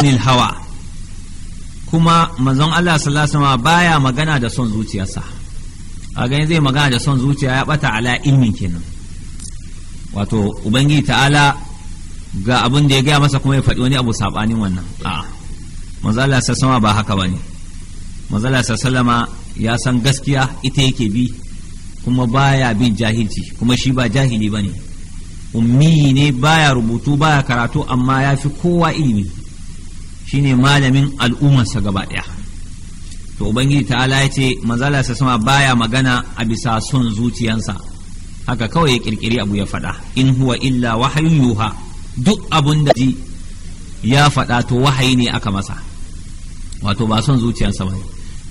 anil hawa kuma manzon Allah sallallahu alaihi baya magana da son zuciyarsa a ganin zai magana da son zuciya ya bata ala ilmin kenan wato ubangiji ta'ala ga abin da ya gaya masa kuma ya faɗi wani abu sabanin wannan a manzon Allah sallallahu ba haka bane manzon Allah sallallahu ya san gaskiya ita yake bi kuma baya bin jahilci kuma shi ba jahili bane ummi ne baya rubutu baya karatu amma ya fi kowa ilimi shine malamin al'ummarsa gaba ɗaya to ubangiji ta'ala ya ce manzala sama baya magana a bisa son zuciyansa haka kawai ya kirkiri abu ya faɗa in huwa illa wahayun yuha duk abun da ji ya faɗa to wahayi ne aka masa wato ba son zuciyansa ba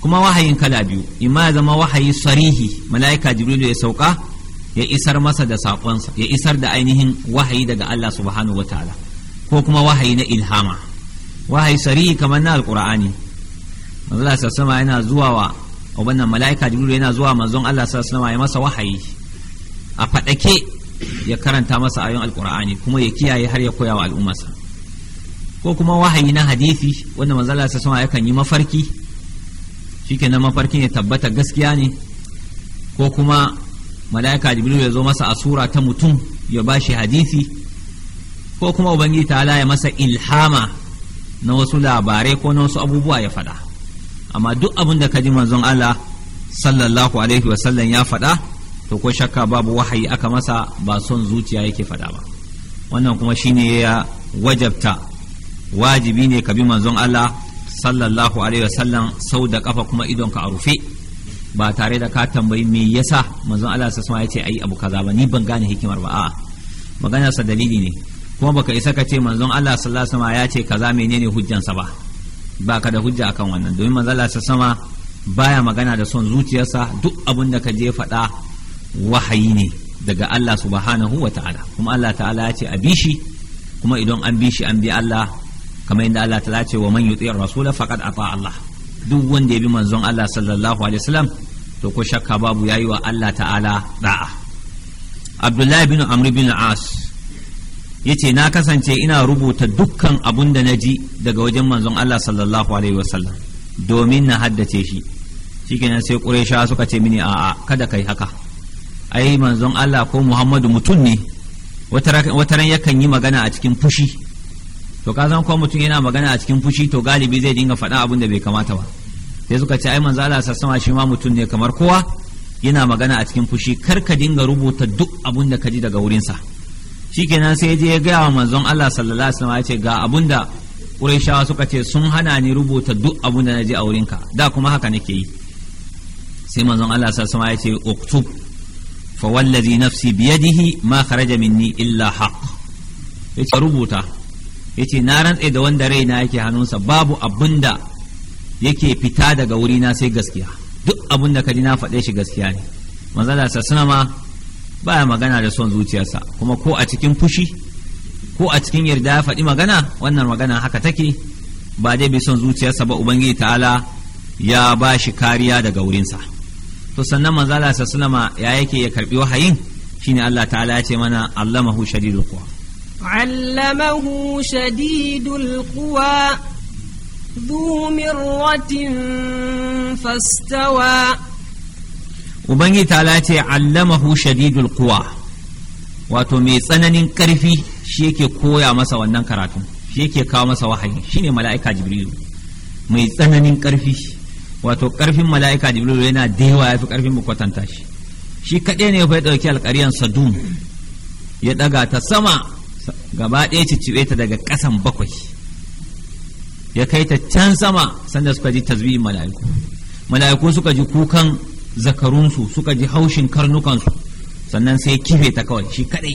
kuma wahayin kala biyu imma ya zama wahayi sarihi mala'ika jibrilu ya sauka ya isar masa da saƙonsa ya isar da ainihin wahayi daga Allah subhanahu wataala ko kuma wahayi na ilhama wahayi sari kamar na alkur'ani manzon Allah sallallahu yana zuwa wa wannan malaika jibril yana zuwa manzon Allah sallallahu alaihi masa wahayi a fadake ya karanta masa ayoyin alkur'ani kuma ya kiyaye har ya koya wa al'ummarsa ko kuma wahayi na hadisi wanda manzon Allah sallallahu alaihi yakan yi mafarki shikenan mafarkin ya tabbata gaskiya ne ko kuma malaika jibril ya zo masa a sura ta mutum ya bashi hadisi ko kuma ubangiji ta'ala ya masa ilhama na wasu labarai ko na wasu abubuwa ya faɗa amma duk abin da ka ji manzon Allah sallallahu alaihi wasallam ya faɗa to ko shakka babu wahayi aka masa ba son zuciya yake faɗa ba wannan kuma shine ya wajabta wajibi ne ka bi manzon Allah sallallahu alaihi wasallam sau da kafa kuma idonka a rufe ba tare da ka tambayi me yasa manzon Allah sa ya ce ayi abu kaza ba ni ban gane hikimar ba a'a maganarsa dalili ne kuma baka isa ka ce manzon Allah sallallahu alaihi wasallam ya ce kaza menene hujjansa ba baka da hujja akan wannan domin manzon Allah sallallahu alaihi wasallam baya magana da son zuciyarsa duk abin da ka je faɗa wahayi ne daga Allah subhanahu wa ta'ala kuma Allah ta'ala ya ce a bi kuma idan an bi shi an bi Allah kamar yadda Allah ta'ala ce wa man yuti'ir rasul faqad ata Allah duk wanda ya bi manzon Allah sallallahu alaihi wasallam to ko shakka babu yayi wa Allah ta'ala da'a Abdullahi bin Amr bin As ya ce na kasance ina rubuta dukkan abun da na ji daga wajen manzon Allah sallallahu alaihi wasallam domin na haddace shi shikenan sai quraisha suka ce mini a'a kada kai haka ai manzon Allah ko Muhammadu mutum ne wataran yakan yi magana a cikin fushi to ka zan ko mutum yana magana a cikin fushi to galibi zai dinga faɗa abun da bai kamata ba sai suka ce ai manzo Allah sassama shi ma mutum ne kamar kowa yana magana a cikin fushi kar ka dinga rubuta duk abun da ka ji daga wurinsa shikenan sai je ya gaya wa manzon Allah sallallahu alaihi wasallam ya ce ga abunda Qurayshawa suka ce sun hana ni rubuta duk abunda na naje a wurinka da kuma haka nake yi sai manzon Allah sallallahu alaihi wasallam ya ce uktub fa wallazi nafsi biyadihi ma kharaja minni illa haqq yace rubuta yace na rantse da wanda raina yake hannunsa babu abinda yake fita daga wurina sai gaskiya duk abunda ka ji na faɗe shi gaskiya ne manzon Allah sallallahu alaihi wasallam baya magana da son zuciyarsa kuma ko a cikin fushi ko a cikin yarda ya faɗi magana wannan magana haka take ba dai bai son zuciyarsa ba ubangiji ta'ala ya ba shi kariya daga wurinsa to sannan manzala sallama ya yake ya karbi wahayin shine Allah ta'ala ya ce mana allamahu shadidul quwa allamahu shadidul quwa ذو ubangi ta ce allamahu shadidul kuwa wato mai tsananin karfi shi yake koya masa wannan karatu shi yake kawo masa wahayi shine mala'ika jibrilu mai tsananin karfi wato karfin mala'ika jibrilu yana da ya fi karfin mu kwatanta shi shi kaɗai ne ya dauki sa sadum ya ɗaga ta sama gaba ɗaya ta daga ƙasan bakwai ya kai ta can sama sanda suka ji tasbihin mala'iku mala'iku suka ji kukan zakarunsu suka ji haushin karnukansu sannan sai kife ta kawai shi kadai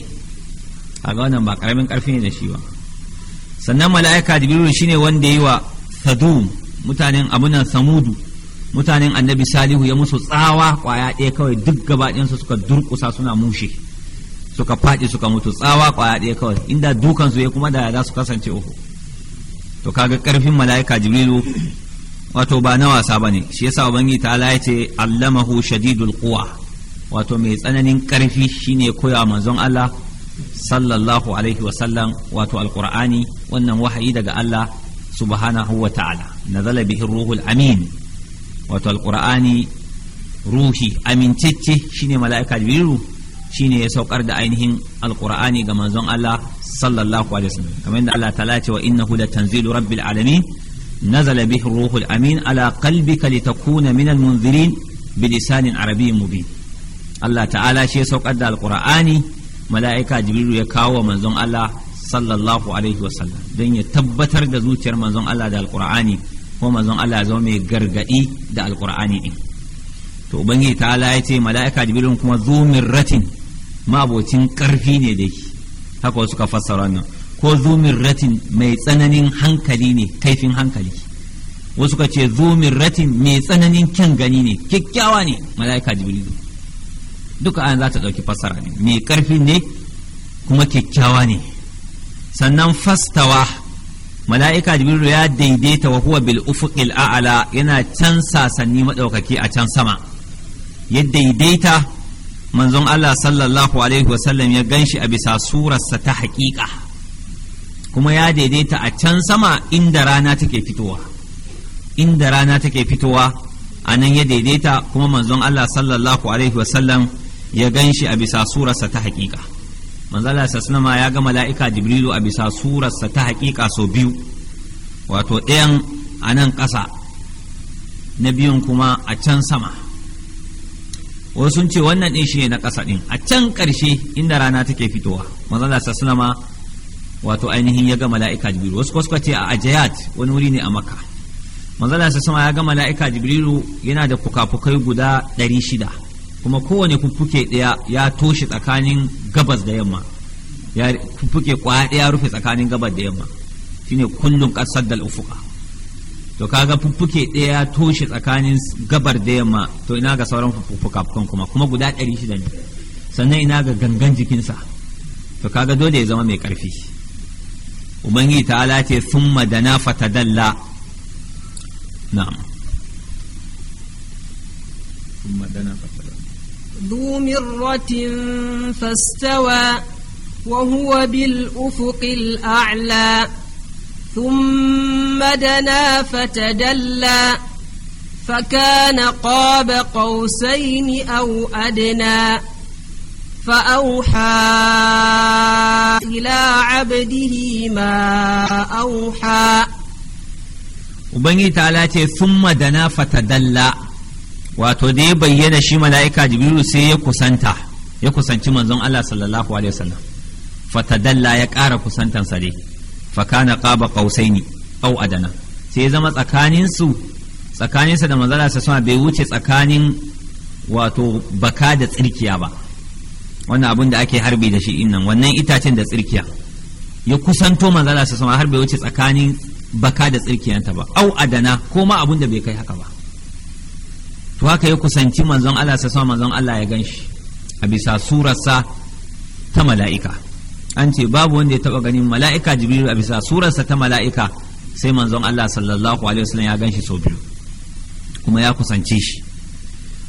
a ga wannan ba karamin karfi ne da shi ba sannan mala'ika jibrilu shine wanda yi wa sadum mutanen abunan samudu mutanen annabi salihu ya musu tsawa kwaya ɗaya kawai duk gabaɗinsu suka durkusa suna mushe suka faɗi suka mutu tsawa kwaya ɗaya kawai inda dukansu ya kuma da za su kasance uku to kaga karfin mala'ika jibrilu wato ba na wasa ne shi yasa ubangiji ta ya ce allamahu shadidul quwa wato mai tsananin karfi shine koya manzon Allah sallallahu alaihi wa wato alqur'ani wannan wahayi daga Allah subhanahu wa ta'ala nazala bihi ruhul amin wato alqur'ani ruhi amincicce shine mala'ika jibrilu shine ya saukar da ainihin alqur'ani ga manzon Allah sallallahu alaihi wasallam kamar yadda Allah ta ce wa innahu latanzilu rabbil alamin نزل به الروح الأمين على قلبك لتكون من المنذرين بلسان عربي مبين الله تعالى شيء سوق أدى القرآن ملائكة جبريل يكاو منزون الله صلى الله عليه وسلم دين يتبتر دزوتر منزون الله دا القرآن ومنزون الله زومي قرقئي دا القرآن إيه. to ubangi ta'ala ya ce mala'ika jibrilun kuma zu mirratin mabocin karfi ne dai haka wasu ka fassara nan ko zumin ratin mai tsananin hankali ne kaifin hankali wasu ka ce ratin mai tsananin kyan gani ne kyakkyawa ne mala'ika jibrilu duka an za ta ɗauki fassara ne mai ƙarfi ne kuma kyakkyawa ne sannan fastawa mala'ika jibrilu ya daidaita wa huwa bil ufuqil a'ala yana can sasanni madaukaki a can sama ya daidaita manzon Allah sallallahu alaihi wasallam ya ganshi a bisa surarsa ta haƙiƙa kuma ya daidaita a can sama inda rana take fitowa inda rana take fitowa a nan ya daidaita kuma manzon Allah sallallahu alaihi wasallam ya gan shi a bisa surarsa ta haƙiƙa manzon Allah sallallahu ya ga mala'ika jibrilu a bisa surarsa ta hakika sau biyu wato ɗayan a nan ƙasa na biyun kuma a can sama wasu sun ce wannan ɗin shi ne na ƙasa ɗin a can ƙarshe inda rana take fitowa manzon Allah sallallahu wato ainihin ya ga mala'ika Jibiru wasu kwaskwa ce a ajayat wani wuri ne a makka manzala sa sama ya ga mala'ika Jibiru yana da fukafukai guda ɗari shida kuma kowane fuffuke ɗaya ya toshe tsakanin gabas da yamma ya fuffuke kwaya ɗaya rufe tsakanin gabas da yamma shine kullum ƙasar dal ufuka to kaga fuffuke ɗaya ya toshe tsakanin gabar da yamma to ina ga sauran fukafukan kuma kuma guda ɗari shida ne sannan ina ga gangan jikinsa to kaga dole ya zama mai ƙarfi ومن هي تعالى ثم دنا فتدلى نعم ثم دنا فتدلى ذو مرة فاستوى وهو بالأفق الأعلى ثم دنا فتدلى فكان قاب قوسين أو أدنى فأوحى إلى عبده ما أوحى Ubangiji ta ce summa da na fatadalla wato da ya bayyana shi mala'ika Jibrilu sai ya kusanta ya kusanci manzon Allah sallallahu alaihi wasallam fatadalla ya ƙara kusantansa dai fakana qaba qausaini au adana sai ya zama tsakaninsu tsakaninsa da manzon Allah bai wuce tsakanin wato baka da tsirkiya ba wannan abun da ake harbi da shi innan wannan itacen da tsirkiya ya kusanto manzala su sama har wuce tsakanin baka da tsirkiyanta ba au adana ko ma abun da bai kai haka ba to haka ya kusanci manzon Allah sa sama manzon Allah ya ganshi a bisa surarsa ta mala'ika an ce babu wanda ya taba ganin mala'ika jibril a bisa surarsa ta mala'ika sai manzon Allah sallallahu alaihi wasallam ya ganshi sau biyu kuma ya kusance shi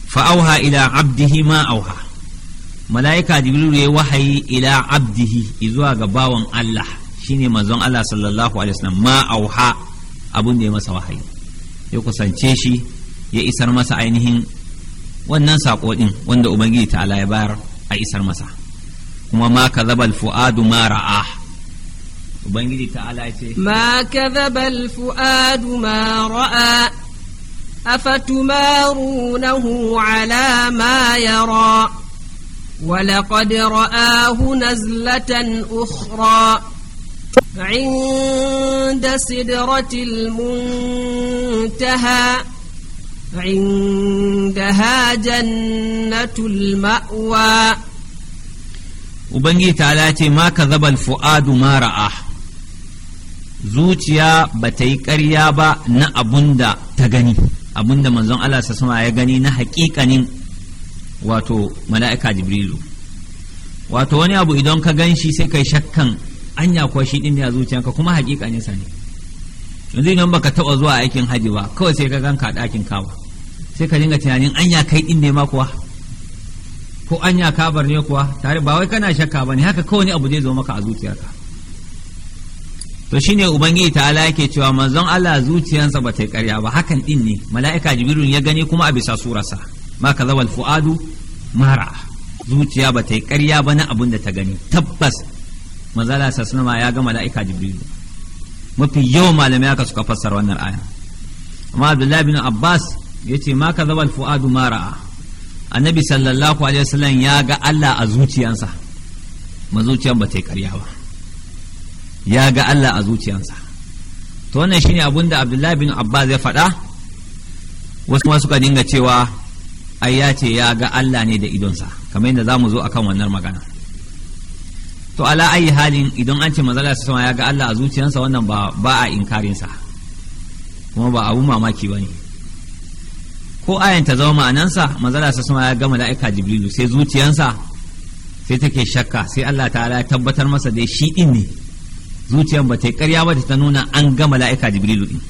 fa auha ila abdihi ma auha mala'ika jibril ya wahayi ila abdihi izuwa ga bawan Allah shine manzon Allah sallallahu alaihi wasallam ma auha abun da ya masa wahayi ya kusance shi ya isar masa ainihin wannan sako din wanda ubangiji ta ya bayar a isar masa kuma ma kadhaba fuadu ma ra'a ubangiji ta ya ce ma kadhaba fuadu ma ra'a afatumarunahu ala ma yara ولقد رآه نزلة أخرى عند سدرة المنتهى عندها جنة المأوى Ubangi ta ce ma zabal fu'adu ma zuciya ba ta yi ƙarya ba na abunda ta gani abunda manzon Allah sa ya gani na haƙiƙanin wato mala'ika jibrilu wato wani abu idan ka gan shi sai kai shakkan anya kuwa shi din ne a zuciyanka kuma hakika sa ne yanzu idan baka taba zuwa aikin haji ba kawai sai ka ganka a ɗakin kawa sai ka dinga tunanin anya kai din ne ma kuwa ko anya kabar ne kuwa tare ba wai kana shakka ba ne haka kawai ne abu zai zo maka a zuciyarka to shine ubangiji ala yake cewa manzon Allah zuciyansa ba ta yi ƙarya ba hakan din ne mala'ika jibril ya gani kuma a bisa surarsa ma ka zawal fu'adu mara zuciya ba ta yi ƙarya ba na abin da ta gani tabbas manzala sassanama ya ga mala'ika jibrilu mafi yawan malamai aka suka fassara wannan aya amma abdullahi bin abbas ya ce ma ka zawal fu'adu mara annabi sallallahu alaihi wasallam ya ga allah a zuciyansa ma zuciyan ba ta yi ƙarya ba ya ga allah a zuciyansa to wannan shine abin da abdullahi bin abbas ya faɗa wasu kuma suka dinga cewa ai ya ce ya ga Allah ne da idonsa kamar yadda za mu zo akan wannan magana to ala ayi halin idan an ce manzala su sama ya ga Allah a zuciyarsa wannan ba ba a in karinsa kuma ba abu mamaki ba ne ko ayan ta zama ma'anansa manzala su sama ya ga mala'ika jibrilu sai zuciyarsa sai take shakka sai Allah ta'ala ya tabbatar masa da shi din ne zuciyar ba ta karya ba ta nuna an ga mala'ika jibrilu din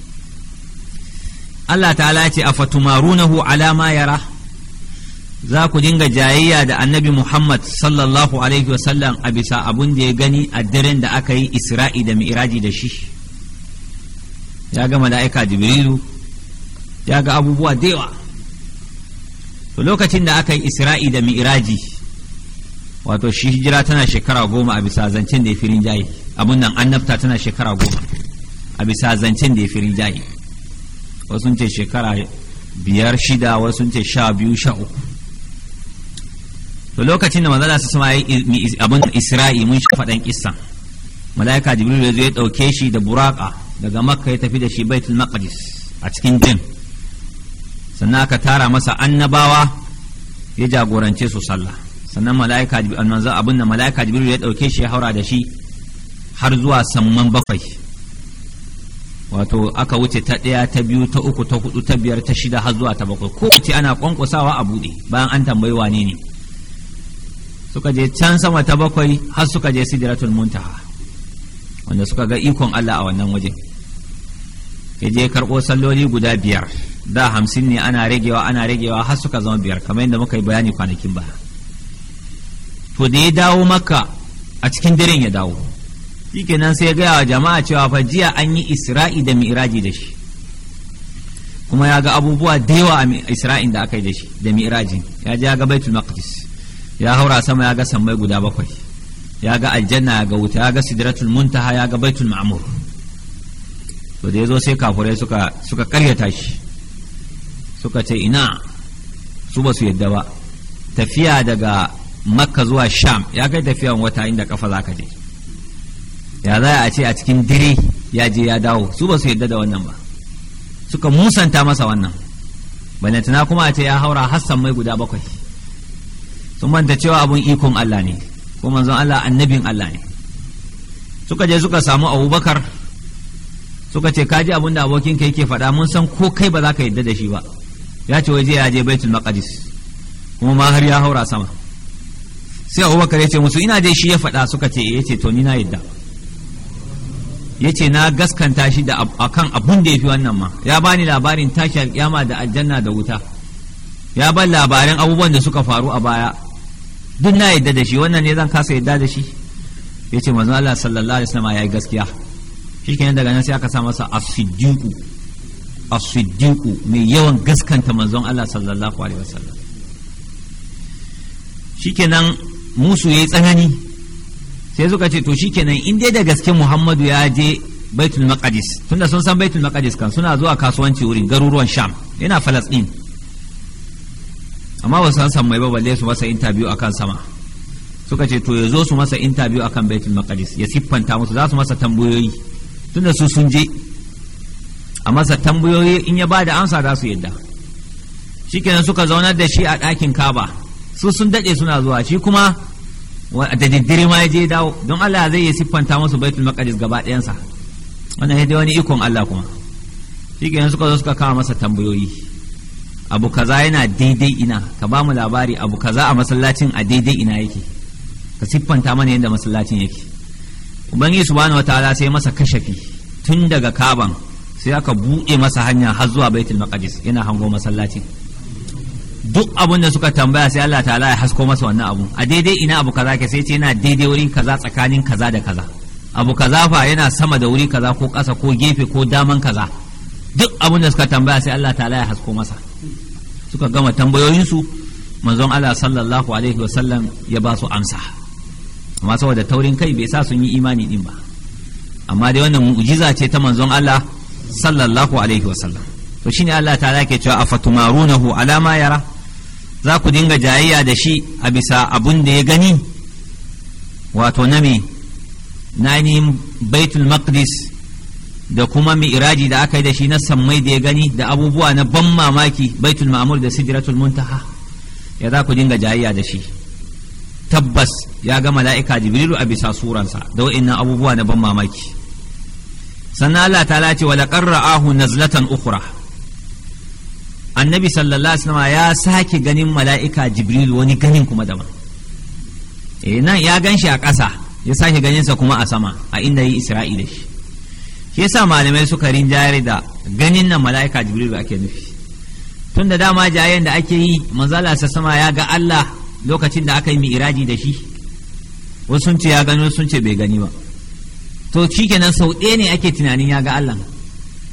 Allah ta'ala ya ce afatumarunahu ala ma yara za ku dinga jayayya da annabi Muhammad sallallahu alaihi wasallam a bisa abun da ya gani a daren da aka yi isra'i da mi'raji da shi ya ga mala'ika jibrilu ya ga abubuwa da yawa to lokacin da aka yi isra'i da mi'raji wato shi hijira tana shekara goma a bisa zancen da ya firin jayi abun nan annabta tana shekara goma a bisa zancen da ya firin jayi wasu ce shekara biyar shida wasu ce sha biyu sha uku to lokacin da manzala su suma abin isra'i mun shafa ɗan kissa mala'ika jibril ya zo ya ɗauke shi da buraka daga makka ya tafi da shi baitul maqdis a cikin jin sannan aka tara masa annabawa ya jagorance su sallah sannan mala'ika manzo abin da mala'ika jibril ya ɗauke shi ya haura da shi har zuwa samman bakwai wato aka wuce ta ɗaya ta biyu ta uku ta hudu ta biyar ta shida har zuwa ta bakwai kowace ana kwankwasawa a buɗe bayan an tambayi wane ne suka je can sama ta bakwai har suka je sidratul muntaha wanda suka ga ikon Allah a wannan waje ya je karɓo salloli guda biyar da hamsin ne ana ragewa ana ragewa har suka zama biyar kamar yadda muka yi bayani kwanakin ba to da ya dawo maka a cikin daren ya dawo shikenan sai ya gaya wa jama'a cewa fa jiya an yi isra'i da mi'raji da shi kuma ya ga abubuwa da yawa a isra'in da aka yi da shi da mi'rajin ya je ya ga baitul maqdis ya haura sama ya ga sammai guda bakwai ya ga aljanna ya ga wuta ya ga sidratul muntaha ya ga baitul ma'mur to da yazo sai kafurai suka suka karyata shi suka ce ina su ba su yadda ba tafiya daga makka zuwa sham ya kai tafiyan wata inda kafa zaka je ya za a ce a cikin dire ya je ya dawo su ba su yadda da wannan ba suka musanta masa wannan balantana kuma a ce ya haura hassan mai guda bakwai sun manta cewa abun ikon Allah ne ko manzon Allah annabin Allah ne suka je suka samu abubakar suka ce kaji abun da abokinka yake faɗa mun san ko kai ba za ka yadda da shi ba ya ce waje ya je baitul maqdis kuma ma har ya haura sama sai abubakar ya ce musu ina dai shi ya faɗa suka ce ya ce to ni na yadda ya ce na gaskanta shi da akan abun da ya fi wannan ma ya bani labarin tashi alƙiyama da aljanna da wuta ya ban labarin abubuwan da suka faru a baya duk na yadda da shi wannan ne zan kasa yadda da shi ya ce mazan Allah sallallahu alaihi wasallam ya yi gaskiya shi kenan daga nan sai aka sa masa as-siddiqu mai yawan gaskanta mazan Allah sallallahu alaihi wasallam shikenan musu ya yi tsanani sai suka ce to shikenan in dai da gaske Muhammadu ya je Baitul Maqdis tunda sun san Baitul Maqdis kan suna zuwa kasuwanci wurin garuruwan Sham yana Falastin amma ba san sammai ba balle su masa interview akan sama suka ce to ya zo su masa interview akan baitul maqdis ya siffanta musu za su masa tambayoyi tunda su sun je a masa tambayoyi in ya ba da amsa za su yadda shikenan suka zaunar da shi a ɗakin kaba su sun daɗe suna zuwa shi kuma da diddiri ma ya je dawo don Allah zai yi siffanta musu baitul maqdis gaba ɗayansa wannan ya wani ikon Allah kuma shikenan suka zo suka kawo masa tambayoyi abu kaza yana daidai ina ka ba mu labari abu kaza a masallacin a daidai ina yake ka siffanta mana yadda masallacin yake ubangiji subhanahu wataala sai masa kashafi tun daga kaban sai aka buɗe masa hanya har zuwa baitul maqdis yana hango masallacin duk abun da suka tambaya sai Allah ta'ala ya hasko masa wannan abu a daidai ina abu kaza ke sai ce yana daidai wurin kaza tsakanin kaza da kaza abu kaza fa yana sama da wuri kaza ko kasa ko gefe ko daman kaza duk abin da suka tambaya sai Allah ta'ala ya hasko masa suka gama tambayoyinsu manzon Allah sallallahu alaihi sallam ya ba su amsa amma saboda taurin kai bai sa sun yi imani din ba amma dai wannan mu'jiza ce ta manzon Allah sallallahu alaihi sallam to shine Allah ta'ala ke cewa afatumarunahu ala ma yara za ku dinga jayayya da shi a bisa abun da ya gani wato na me na ainihin baitul maqdis da kuma mi'raji da aka yi da shi na sammai da ya gani da abubuwa na ban mamaki baitul ma'mur da sidratul muntaha ya za ku dinga jayayya da shi tabbas ya ga mala'ika jibrilu a bisa suransa da wa'annan abubuwa na ban mamaki sannan Allah ta ce wa laqad ra'ahu nazlatan ukhra annabi sallallahu alaihi wasallam ya saki ganin mala'ika jibrilu wani ganin kuma daban eh nan ya ganshi a ƙasa ya saki ganin sa kuma a sama a inda yi isra'ila shi shi yasa malamai suka rinjayar da ganin nan mala'ika jibrilu ake nufi tun da dama jayen da ake yi manzala sa sama ya ga Allah lokacin da aka yi mi'iraji da shi wasu sun ce ya gano sun ce bai gani ba to shikenan sau ɗaya ne ake tunanin ya ga Allah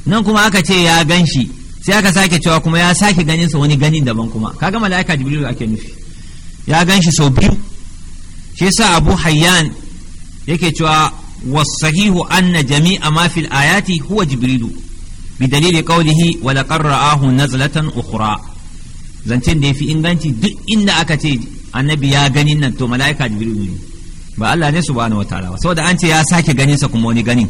nan kuma aka ce ya gan sai aka sake cewa kuma ya sake ganin sa wani ganin daban kuma kaga mala'ika jibrilu ake nufi ya ganshi shi sau biyu shi yasa abu hayyan yake cewa annajami أن جميع ما في الآيات هو جبريل بدليل قوله ولقد na نزلة أخرى zancen da ya fi inganci duk inda aka ce annabi ya ganin nan to mala'ika jibrilu ne ba Allah ne subhanahu wataala ba saboda an ce ya sake ganin sa kuma wani ganin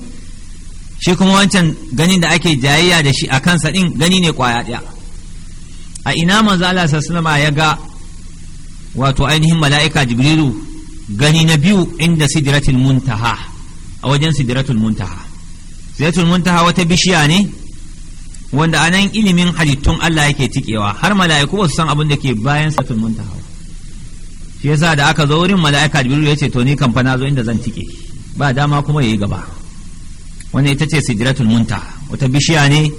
shi kuma wancan ganin da ake jayayya da shi a kansa din gani ne kwaya daya a ina manzo Allah sallallahu ya ga wato ainihin mala'ika jibrilu gani na biyu inda sidratul muntaha a wajen sidratul muntaha sidratul muntaha wata bishiya ne wanda anan ilimin halittun Allah yake tikewa har mala'iku ba su san abin da ke bayan sidratul muntaha shi yasa da aka zo wurin mala'ika jibril ya ce to ni kan fa na zo inda zan tike ba dama kuma yayi gaba wannan ita ce sidratul muntaha wata bishiya ne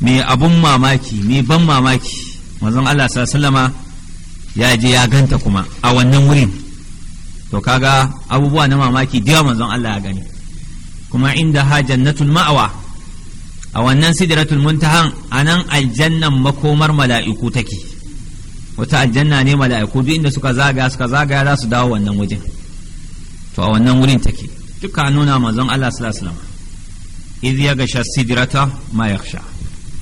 mai abun mamaki mai ban mamaki manzon Allah sallallahu alaihi wasallama ya je ya ganta kuma a wannan wurin to kaga abubuwa na mamaki da manzon Allah ya gani kuma inda ha jannatul ma'awa a wannan sidratul muntahan anan aljannan makomar mala'iku take wata aljanna ne mala'iku duk inda suka zaga suka zaga za su dawo wannan wajen to a wannan wurin take duka nuna manzon Allah sallallahu alaihi wasallam idh yaghsha sidrata ma yaghsha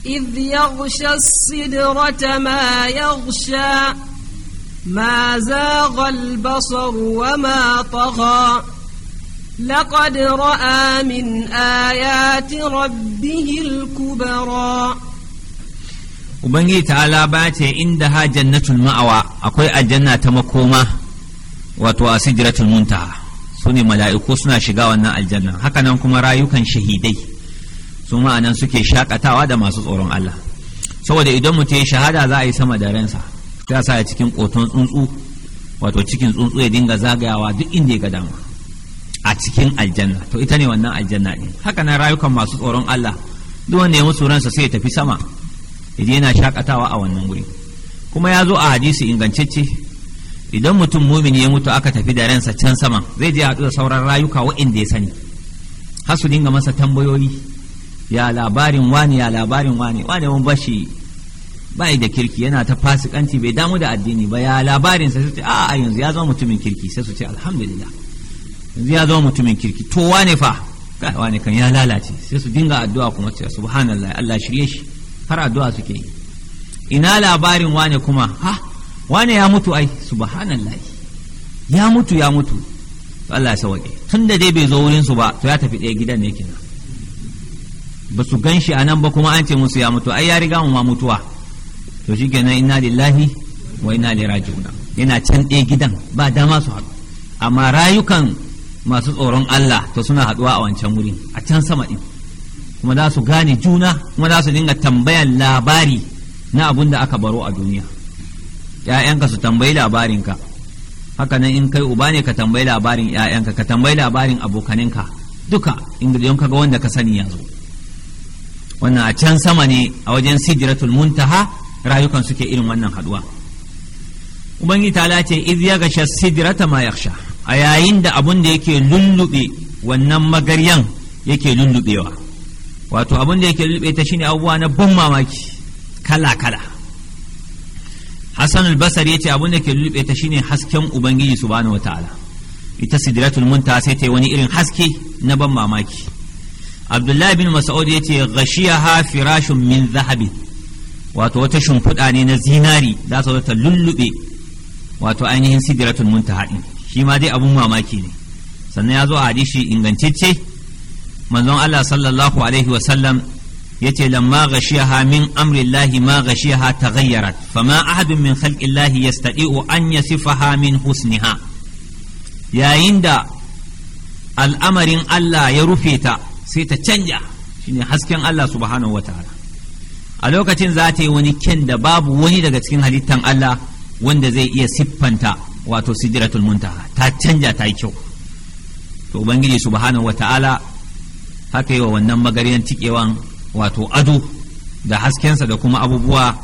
idh yaghsha sidrata ma yaghsha ما زاغ البصر وما طغى لقد راى من ايات ربه الكبرى ubangiji ta'ala ba ce inda ha jannatul ma'awa akwai aljanna ta makoma wato a sidratul muntaha su mala'iku suna shiga wannan aljanna hakanan kuma rayukan shahidai su ma'anan suke shakatawa da masu tsoron Allah saboda idan mutum ya shahada za a yi sama da ransa ta sa ya cikin ƙoton tsuntsu wato cikin tsuntsu ya dinga zagayawa duk inda ya ga dama a cikin aljanna to ita ne wannan aljanna ɗin haka nan rayukan masu tsoron Allah duk wanda ya musu ransa sai ya tafi sama idan yana shakatawa a wannan guri kuma ya zo a hadisi ingantacce idan mutum mumini ya mutu aka tafi da ransa can sama zai je haɗu da sauran rayuka waɗanda ya sani har su dinga masa tambayoyi ya labarin wani ya labarin wani wani mun bashi bai da kirki yana ta fasikanci bai damu da addini ba ya labarin sai su ce a'a yanzu ya zama mutumin kirki sai su ce alhamdulillah yanzu ya zama mutumin kirki to wane fa kai wane kan ya lalace sai su dinga addu'a kuma ce subhanallah Allah shirye shi har addu'a suke yi ina labarin wane kuma ha wane ya mutu ai subhanallah ya mutu ya mutu to Allah ya sauke tun da dai bai zo wurin su ba to ya tafi ɗaya gidan ne kenan ba su gan shi a nan ba kuma an ce musu ya mutu ai ya riga mu ma mutuwa to shi kenan inna lillahi wa inna ilaihi raji'un yana can ɗaya gidan ba dama su haɗu amma rayukan masu tsoron Allah to suna haɗuwa a wancan wurin a can sama ɗin kuma za su gane juna kuma za su dinga tambayan labari na abun da aka baro a duniya ‘ya'yanka su tambayi labarinka haka nan in kai uba ne ka tambayi labarin ‘ya'yanka ka tambayi labarin abokaninka duka ingiliyon ka ga wanda ka sani yanzu wannan a can sama ne a wajen sijiratul muntaha rayukan suke irin wannan haduwa ubangiji ta ce iz ya gasha sidrata ma yakhsha a yayin da abun da yake lullube wannan magaryan yake lullubewa wato abun da yake lullube ta shine abubuwa na ban mamaki kala kala Hassan al-Basri yace abun da yake lullube ta shine hasken ubangiji subhanahu wataala ita sidratul muntaha sai ta wani irin haske na ban mamaki Abdullahi bin Mas'ud yace ghashiyaha firashun min zahabin wato wata shimfiɗa ne na zinari za su ta lullube wato ainihin sidratul muntaha din shi ma dai abun mamaki ne sannan ya zo a hadisi ingantacce manzon Allah sallallahu alaihi wasallam yace lamma ghashiyaha min amri Allah ma ghashiyaha taghayyarat fama ahadun min khalqi Allah yastati'u an yasifaha min husniha yayin da al'amarin Allah ya rufe ta sai ta canja shine hasken Allah subhanahu wataala a lokacin za ta yi wani kyan da babu wani daga cikin halittan Allah wanda zai iya siffanta wato sidratul muntaha ta canja ta yi kyau to ubangiji subhanahu wata'ala haka yi wa wannan magaryan cikewan wato ado da haskensa da kuma abubuwa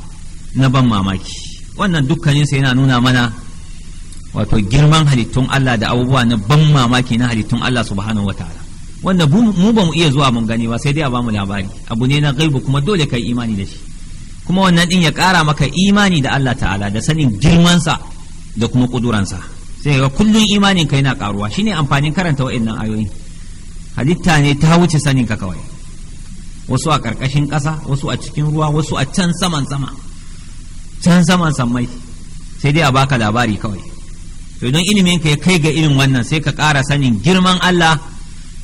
na ban mamaki wannan dukkaninsa yana nuna mana wato girman halittun Allah da abubuwa na ban mamaki na halittun Allah subhanahu wata'ala wanda mu ba mu iya zuwa mun gani ba sai dai a bamu labari abu ne na gaibu kuma dole kai imani da shi kuma wannan din ya kara maka imani da Allah ta'ala da sanin girmansa da kuma kuduransa sai ga kullun imanin kai na karuwa shine amfanin karanta wa'annan ayoyi halitta ne ta wuce sanin ka kawai wasu a karkashin ƙasa wasu a cikin ruwa wasu a can saman sama can saman sammai sai dai a baka labari kawai to don ilimin ka ya kai ga irin wannan sai ka ƙara sanin girman Allah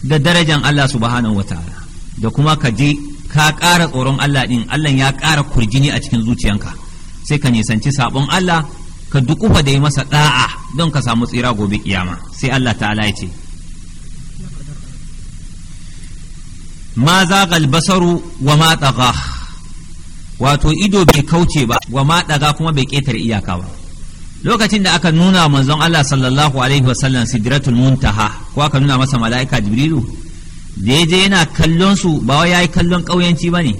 da darajan Allah subhanahu wa ta'ala da kuma ka je ka ƙara tsoron Allah ɗin Allah ya ƙara kurjini a cikin zuciyanka sai ka nisanci sabon Allah ka dukufa da yi masa ɗa'a don ka samu tsira gobe kiyama sai Allah ta'ala ya ce ma za galbasaru wa ma wato ido bai kauce ba wa ma kuma bai ƙetare iyaka ba lokacin da aka nuna manzon Allah sallallahu alaihi wasallam sidratul muntaha ko aka nuna masa mala'ika jibrilu da ya je yana kallon su ba wai yayi kallon kauyanci bane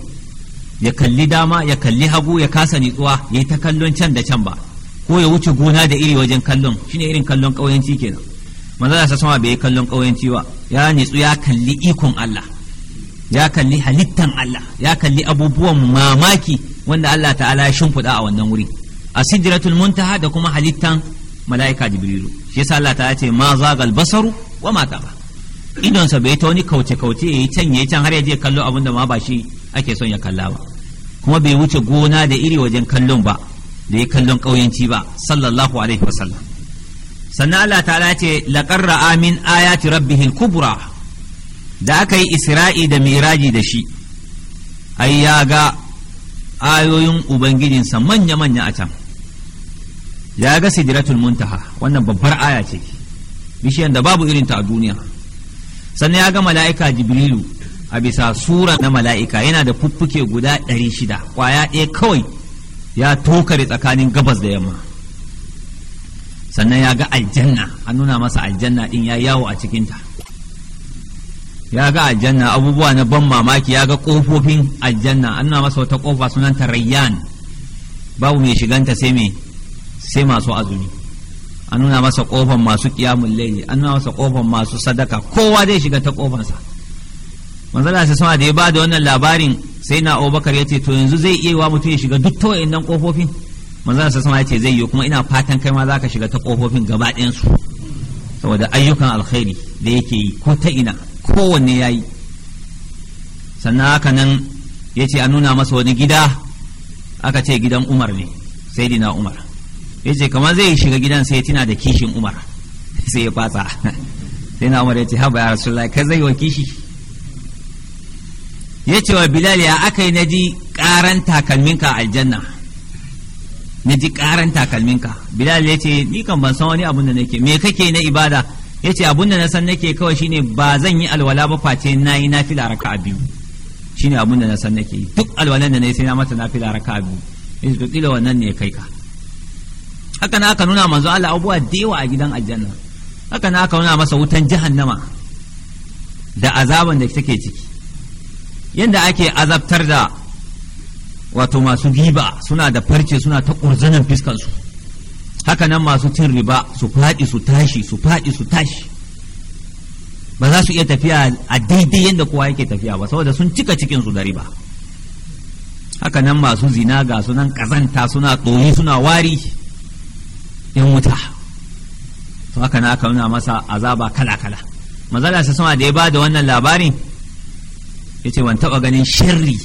ya kalli dama ya kalli hagu ya kasa nitsuwa ya yi ta kallon can da can ba ko ya wuce gona da iri wajen kallon shine irin kallon kauyanci kenan manzon Allah sallallahu alaihi bai kallon kauyanci ba ya nitsu ya kalli ikon Allah ya kalli halittan Allah ya kalli abubuwan mamaki wanda Allah ta'ala ya shimfiɗa a wannan wuri asidratul muntaha da kuma halittan mala'ika jibrilu shi yasa Allah ta ce ma zagal basaru wa idon sa bai ta wani kauce kauce yayi can yi can har ya je kallo abinda ma ba shi ake son ya kalla ba kuma bai wuce gona da iri wajen kallon ba da ya kallon kauyanci ba sallallahu alaihi wasallam sannan Allah ta ce laqad min ayati rabbihil kubra da aka yi isra'i da miraji da shi ai ya ga ayoyin ubangijinsa manya manya a can ya ga sidratul muntaha wannan babbar aya ce bishiyan da babu irin ta a duniya sannan ya ga mala'ika jibrilu a bisa sura na mala'ika yana da fuffuke guda ɗari shida kwaya ɗaya kawai ya tokare tsakanin gabas da yamma sannan ya ga aljanna an nuna masa aljanna ɗin ya yawo a cikinta ya ga aljanna abubuwa na ban mamaki ya ga ƙofofin aljanna an nuna masa wata ƙofa sunanta rayyan babu mai shiganta sai mai sai masu azumi an nuna masa kofan masu kiyamun laili an nuna masa kofan masu sadaka kowa zai shiga ta kofansa manzala sai sama da ya ba da wannan labarin sai na abubakar ya ce to yanzu zai iya wa mutum ya shiga duk ta wa'annan kofofin manzala sai sama ya ce zai yi kuma ina fatan kai ma za ka shiga ta kofofin gaba ɗayansu saboda ayyukan alkhairi da yake yi ko ta ina kowanne ya yi sannan haka nan ya ce a nuna masa wani gida aka ce gidan umar ne sai dina umar ya ce kamar zai shiga gidan sai ya tuna da kishin umar sai ya fasa sai na umar ya ce haɓa ya rasulullah ka zai wa kishi ya ce wa bilal ya aka yi na ji karan takalminka aljanna na ji karan takalminka bilal ya ce ni kan ban san wani abun da nake me kake na ibada ya ce abun da na san nake kawai shine ba zan yi alwala ba face na yi nafila a biyu shine abun da na san nake duk alwalan da na yi sai na mata nafila a biyu in to kila wannan ne ya kai ka haka na aka nuna manzo Allah abubuwa da yawa a gidan aljanna haka na aka nuna masa wutan jahannama da azaban da take ciki yadda ake azabtar da wato masu giba suna da farce suna ta ƙurzanin fiskansu haka nan masu cin riba su faɗi su tashi su faɗi su tashi ba za su iya tafiya a daidai yadda kowa yake tafiya ba saboda sun cika cikinsu da riba haka nan masu zina ga sunan ƙazanta suna tsoye suna wari yan wuta to haka na aka nuna masa azaba kala-kala mazala sa sama da ya ba da wannan labarin ya ce ban taɓa ganin sharri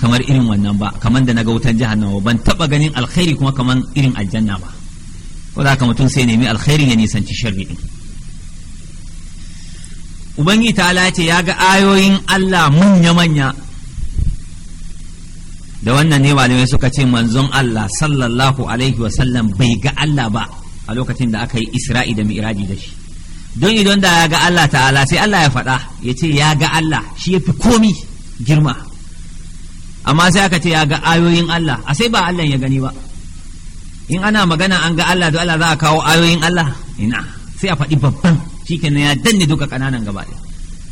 kamar irin wannan ba kamar da na ga wutan jahannama ban taɓa ganin alkhairi kuma kamar irin aljanna ba ko da mutum sai nemi alkhairin ya nisanci sharri din ubangiji ta ce ya ga ayoyin Allah manya-manya da wannan ne malamai suka ce manzon Allah sallallahu alaihi wasallam bai ga Allah ba a lokacin da aka yi isra'i da mi'raji da shi don idan da ya ga Allah ta'ala sai Allah ya faɗa ya ce ya ga Allah shi ya fi komi girma amma sai aka ce ya ga ayoyin Allah a sai ba Allah ya gani ba in ana magana an ga Allah da Allah za a kawo ayoyin Allah ina sai a faɗi babban shikenan ya danne duka ƙananan gaba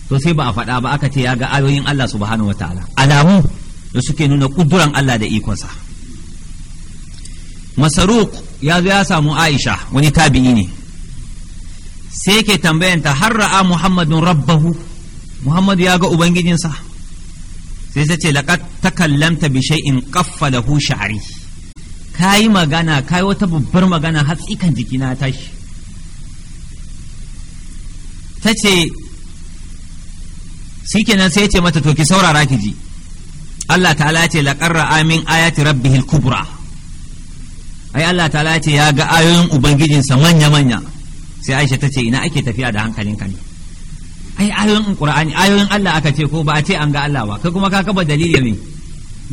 to sai ba a faɗa ba aka ce ya ga ayoyin Allah subhanahu wataala alamu da suke nuna kuduran Allah da ikonsa masaruk ya zo ya samu aisha wani tabi'i ne sai ke tambayanta har ra'a muhammadun rabbahu muhammadu ya ga ubangijinsa sai ta ce ta laqad bishai in shay'in da hushari ka yi magana ka yi wata babbar magana har tsikan na tashi ta ce kenan sai ya ce mata to ki saurara ki ji Allah ta'ala ya ce laƙarra amin ayati rabbihil kubra ai Allah ta'ala ya ce ya ga ayoyin ubangijinsa manya manya sai Aisha ta ce ina ake tafiya da hankalinka ne ai ayoyin qur'ani ayoyin Allah aka ce ko ba a ce an ga Allah ba kai kuma ka kaba dalili ne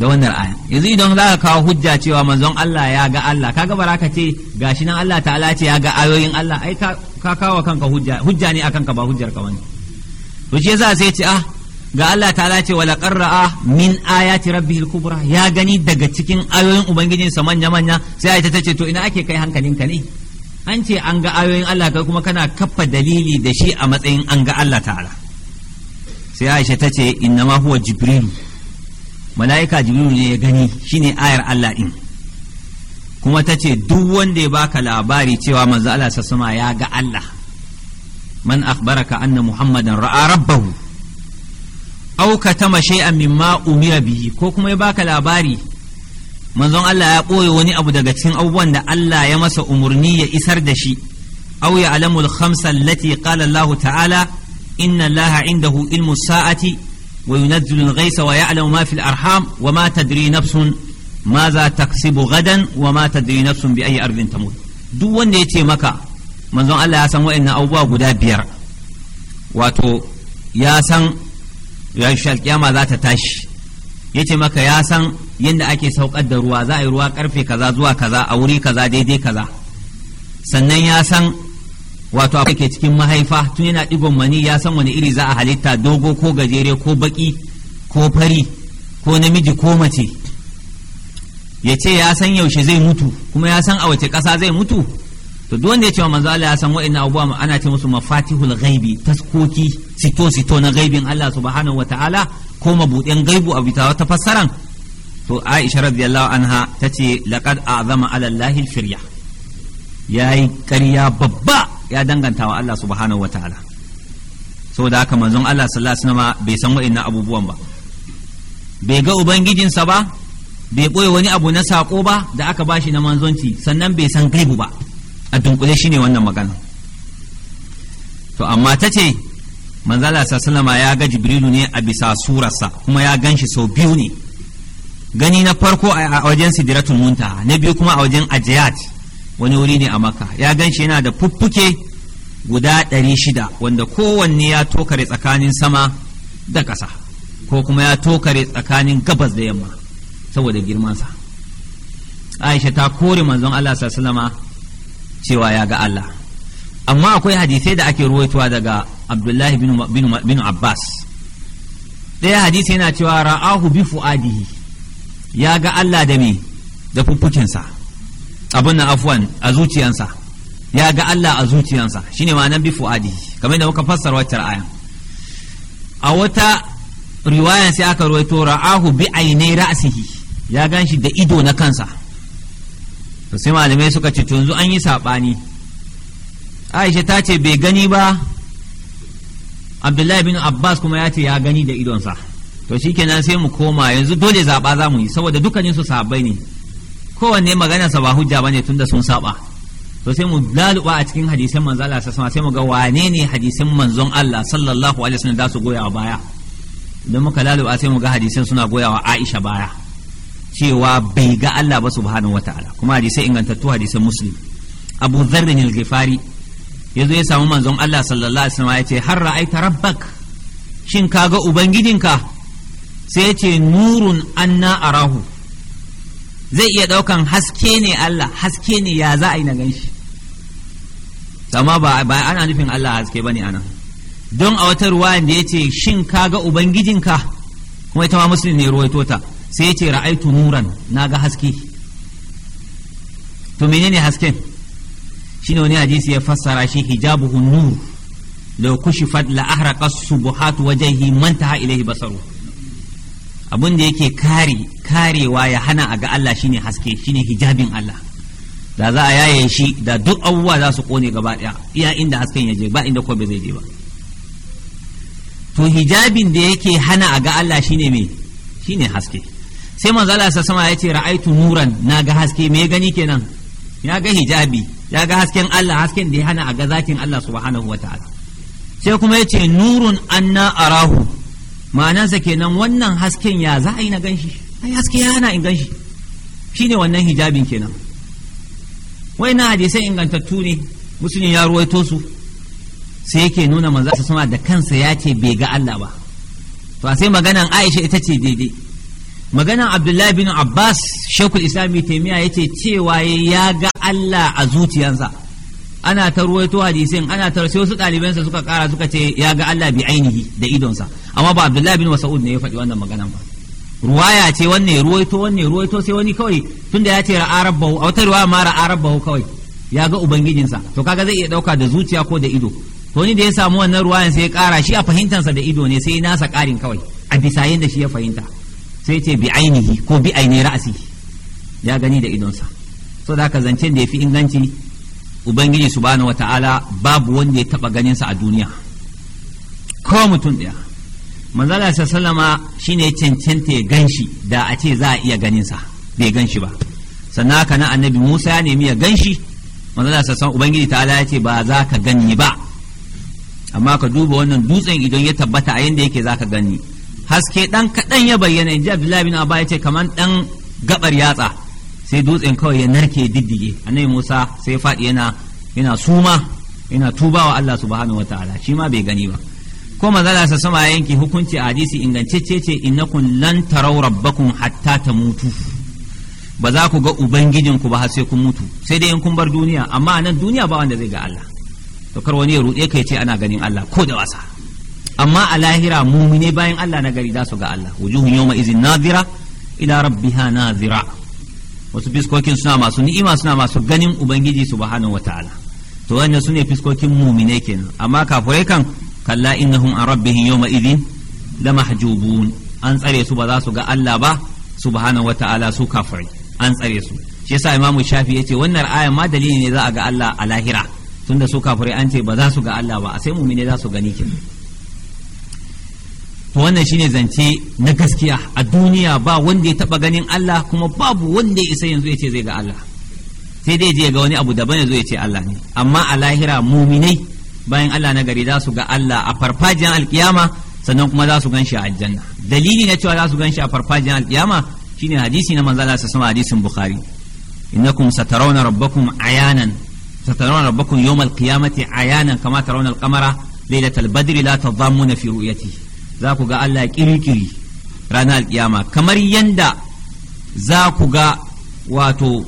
da wannan aya yanzu idan za ka kawo hujja cewa manzon Allah ya ga Allah kaga ga ka ce gashi nan Allah ta'ala ce ya ga ayoyin Allah ai ka kawo kanka hujja hujja ne akan ka ba hujjar ka wani to shi yasa sai ce ah ga Allah ta ce wala qarra'a min ayati rabbihil kubra ya gani daga cikin ayoyin ubangijin sa manya manya sai ayata tace to ina ake kai hankalinka ne an ce an ga ayoyin Allah ka kuma kana kafa dalili da shi a matsayin an ga Allah ta'ala sai Aisha tace innama huwa jibril mala'ika jibril ne ya gani shine ayar Allah din kuma tace duk wanda ya baka labari cewa manzo Allah sassama ya ga Allah man akhbaraka anna muhammadan ra'a rabbahu auka ta mashe a mimma umira bihi ko kuma ya baka labari manzon Allah ya ɓoye wani abu daga cikin abubuwan da Allah ya masa umarni ya isar da shi aw ya alamul khamsa allati qala Allah ta'ala inna Allah indahu ilmu sa'ati wa yunazzilu al-ghaysa wa ya'lamu ma fil arham wa ma tadri nafsun maza taksibu gadan wa ma tadri nafsun bi ayi ardin tamut duk wanda ya ce maka manzon Allah ya san wa'annan abubuwa guda biyar wato ya san yashal kiyama za ta tashi ya ce maka ya san yadda ake saukar da ruwa za a yi ruwa karfe kaza zuwa kaza a wuri kaza daidai kaza sannan ya san wato akwai ke cikin mahaifa tun yana digon mani ya san wani iri za a halitta dogo ko gajere ko baki ko fari ko namiji ko mace ya ce ya san yaushe zai mutu kuma ya san a wace ƙasa zai mutu to duk wanda ya ce wa manzo Allah ya san wa'annan abubuwa ana ce musu mafatihul ghaibi taskoki sito sito na ghaibin Allah subhanahu wataala ko mabudin gaibu a bita wata fassaran to Aisha radiyallahu anha tace laqad a'zama ala Allah al-firya yayi ƙarya babba ya danganta wa Allah subhanahu wataala saboda haka manzon Allah sallallahu alaihi wasallam bai san wa'annan abubuwan ba bai ga ubangijinsa ba bai ɓoye wani abu na saƙo ba da aka bashi na manzonci sannan bai san gaibu ba a shi ne wannan magana to amma ta ce manzala sallama ya ga jibrilu ne a bisa surarsa kuma ya gan shi sau biyu ne gani na farko a wajen sidiratul munta na biyu kuma a wajen ajiyat wani wuri ne a maka ya gan shi yana da fuffuke guda ɗari shida wanda kowanne ya tokare tsakanin sama da ƙasa ko kuma ya tokare tsakanin gabas da yamma saboda girmansa aisha ta kore manzon allah cewa ya ga Allah amma akwai hadisai da ake ruwaitowa daga Abdullahi bin Abbas ɗaya hadisai yana cewa ra'ahu bi fu'adihi ya ga Allah da me da fuffukinsa abin na afwan a zuciyansa ya ga Allah a zuciyansa shine ma'anar bi fu'adihi kamar da muka fassara wacce aya a wata riwayan sai aka ruwaito ra'ahu bi ne ra'sihi ya ganshi da ido na kansa to sai malamai suka ce to yanzu an yi saɓani aisha ta ce bai gani ba abdullahi bin abbas kuma ya ce ya gani da idonsa to shikenan sai mu koma yanzu dole zaɓa za mu yi saboda su sabai ne kowanne maganarsa ba hujja bane tunda sun saba to sai mu laluba a cikin hadisan manzon Allah sallallahu alaihi sai mu ga wane ne hadisan manzon Allah sallallahu alaihi wasallam da su goya baya idan muka laluba sai mu ga hadisan suna goya wa Aisha baya cewa bai ga Allah ba subhanahu wataala kuma hadisai ingantattu hadisai muslim abu dharrin al-ghifari yazo ya samu manzon Allah sallallahu alaihi wasallam yace har ra'aita rabbak shin kaga ubangijinka sai yace nurun anna arahu zai iya daukan haske ne Allah haske ne ya za a yi na ganshi amma ba ba ana nufin Allah haske bane anan don a wata ruwayan da yace shin kaga ubangijinka kuma ita ma muslim ne ruwaito ta sai ya ce ra'aitu nuran na ga haske to menene hasken shi ne wani hadisi ya fassara shi hijabuhu nur law kushifat la ahraqa subuhat wajhihi man taha ilayhi basaru abun da yake kare karewa ya hana a ga Allah shine haske shine hijabin Allah da za a yaye shi da duk abubuwa za su kone gaba daya iya inda hasken ya je ba inda ko zai je ba to hijabin da yake hana a ga Allah shine me shine haske sai manzala sa sama ya ce ra'aitu nuran na ga haske me gani kenan ya ga hijabi ya ga hasken Allah hasken da ya hana a ga zakin Allah subhanahu wa ta'ala sai kuma ya ce nurun anna arahu ma'anansa kenan wannan hasken ya za a yi na ganshi ai haske ya hana in ganshi shine wannan hijabin kenan wai na hadisai ingantattu ne musulmi ya ruwaito su sai yake nuna manzo sama da kansa ya ce bai ga Allah ba to sai maganan Aisha ita ce daidai maganan abdullahi bin abbas shekul islami taimiya ya ce cewa ya ga allah a zuciyansa ana ta ruwaito hadisin ana ta sai wasu ɗalibansa suka ƙara suka ce ya ga allah bi ainihi da idonsa amma ba abdullahi bin mas'ud ne ya faɗi wannan maganan ba ruwaya ce wanne ruwaito wanne ruwaito sai wani kawai tunda ya ce ra'a rabbahu a wata ruwaya ma ra'a rabbahu kawai ya ga ubangijinsa to kaga zai iya ɗauka da zuciya ko da ido to ni da ya samu wannan ruwayan sai ya ƙara shi a fahimtansa da ido ne sai nasa ƙarin kawai a bisa yadda shi ya fahimta sai ce bi ainihi ko bi aini ra'asi ya gani da idonsa so da zancen da ya fi inganci ubangiji subhanahu wata'ala babu wanda ya taba ganin sa a duniya ko mutum ɗaya manzala sallama shine cancanta ya ganshi da a ce za a iya ganinsa bai ganshi ba sannan haka na annabi musa ya nemi ya ganshi manzala sallama ubangiji ta'ala ya ce ba za ka gani ba amma ka duba wannan dutsen idan ya tabbata a yanda yake za ka gani haske ɗan kaɗan ya bayyana in ji abdullahi bin abba ya ce kamar ɗan gaɓar yatsa sai dutsen kawai ya narke diddige annabi musa sai faɗi yana yana suma yana tubawa allah subhanahu wataala shi ma bai gani ba ko manzala sa sama ya yanke hukunci a hadisi ingantacce ce innakum lan tarau rabbakum hatta tamutu ba za ku ga ubangijinku ba har sai kun mutu sai dai in kun bar duniya amma nan duniya ba wanda zai ga allah to kar wani ya ruɗe ka ya ce ana ganin allah ko da wasa amma a lahira mumine bayan Allah na gari za su ga Allah wujuhun yawma izin nazira ila rabbiha nazira wasu fiskokin suna masu ni'ima suna masu ganin ubangiji subhanahu wataala to wannan sune fiskokin mumine kenan amma kafurai kan kalla innahum an rabbihim yawma idhin lamahjubun an tsare su ba za su ga Allah ba subhanahu wataala su kafurai an tsare su shi yasa imamu shafi yace wannan aya ma dalili ne za a ga Allah a lahira tunda su kafurai an ce ba za su ga Allah ba sai mumine za su gani kenan to wannan shine zance na gaskiya a duniya ba wanda ya taba ganin Allah kuma babu wanda ya isa yanzu ya ce zai ga Allah sai dai je ga wani abu daban yanzu ya ce Allah ne amma a lahira muminai bayan Allah na gari za su ga Allah a farfajiyar alkiyama sannan kuma za su gan shi a aljanna dalili na cewa za su gan shi a farfajiyar alkiyama shine hadisi na manzala sa sama hadisin bukhari innakum satarawna rabbakum ayanan satarawna rabbakum yawmal qiyamati ayanan kama tarawna al-qamara laylatal badri la tadhammuna fi ru'yatihi za ku ga Allah kirikiri ranar alkiyama kamar yanda za ku ga wato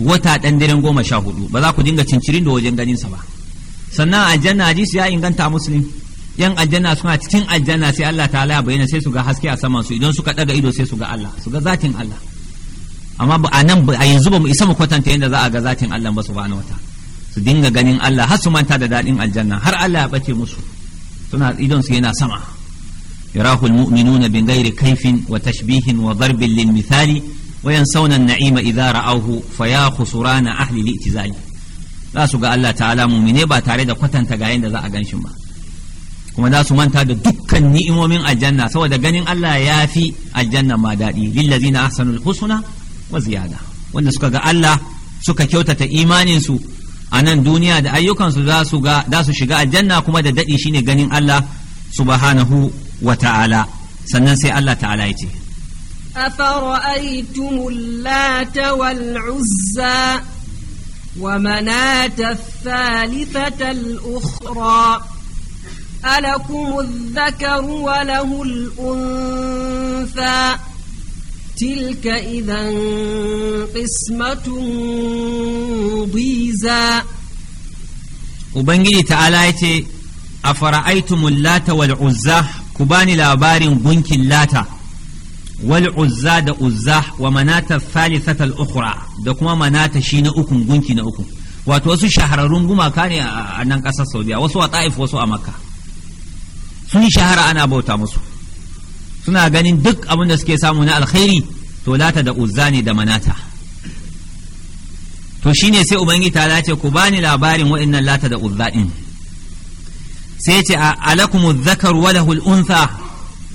wata ɗan daren goma sha hudu ba za ku dinga cincirin da wajen ganinsa ba sannan aljanna hadisi ya inganta Musulmi yan aljanna suna cikin aljanna sai Allah ta ya bayyana sai su ga haske a saman su idan suka daga ido sai su ga Allah su ga zatin Allah amma ba a nan a yanzu ba mu isa mu kwatanta yadda za a ga zatin Allah ba subhanahu wata su dinga ganin Allah har su manta da daɗin aljanna har Allah ya bace musu suna idon su yana sama يراه المؤمنون بغير كيف وتشبيه وضرب للمثال وينسون النعيم إذا رأوه فيا خسران أهل الائتزال za su ga Allah ta'ala mumine ba tare da kwatanta ga yadda za a shi ba kuma za su manta da dukkan ni'imomin aljanna saboda ganin Allah ya fi aljanna ma daɗi lillazina ahsanul husna wa ziyada wanda suka ga Allah suka kyautata imaninsu su a nan duniya da ayyukansu za za su shiga aljanna kuma da daɗi shine ganin Allah subhanahu wa ta'ala sannan sai Allah ta'ala ya ce أفرأيتم اللات والعزى ومناة الثالثة الأخرى ألكم الذكر وله الأنثى تلك إذا قسمة ضيزى وبنجي تعالى A afara'aytumul lata wal'uzza ku bani labarin gunkin lata wal'uzza da uzza wa manata thalithata ukura da kuma manata shi na ukun gunki na uku wato wasu shahararrun gumaka ne a nan ƙasar Saudiya wasu a Taif wasu a Makka sun shahara ana bauta musu suna ganin duk abin da suke samu na alkhairi to lata da uzza ne da manata to shine sai ubangi ta ce ku bani labarin waɗannan lata da uzza din sai ce a alakumu zakar walahul unsa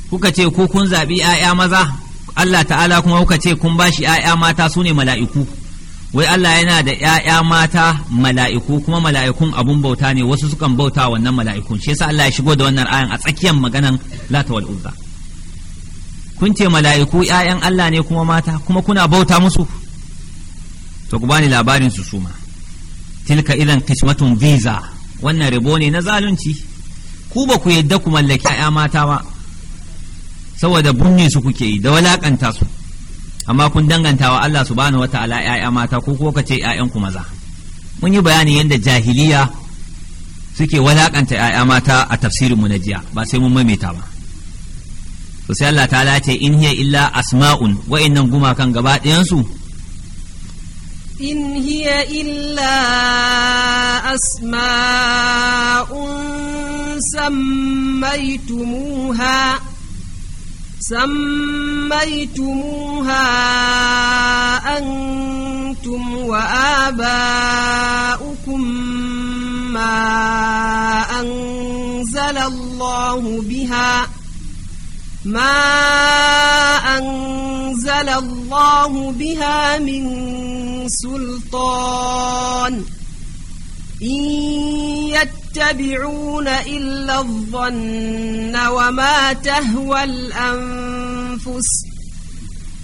kuka ce ko kun zaɓi 'ya'ya maza Allah ta'ala kuma kuka ce kun ba shi 'ya'ya mata su ne mala'iku wai Allah yana da 'ya'ya mata mala'iku kuma mala'ikun abun bauta ne wasu sukan bauta wannan mala'ikun shi yasa Allah ya shigo da wannan ayan a tsakiyar maganan lata wal uzza kun ce mala'iku 'ya'yan Allah ne kuma mata kuma kuna bauta musu to ku bani labarin su suma tilka idan qismatun visa wannan ribo ne na zalunci ku ba ku yadda ku mallaki ‘ya'ya mata ba saboda bunne su kuke yi da walakanta su amma kun danganta wa Allah subhanahu wataala ‘ya'ya mata ko ko ka ce ‘ya'yanku maza mun yi bayanin yadda jahiliya suke walakanta ‘ya'ya mata a tafsirin mu na jiya ba sai mun maimaita ba to sai Allah ta'ala ce in hiya illa asma'un wa'annan gumakan gaba ɗayan su in hiya illa asma'un سميتموها سميتموها أنتم وآباؤكم ما أنزل الله بها ما أنزل الله بها من سلطان إن يتبعون إلا الظن وما تهوى الأنفس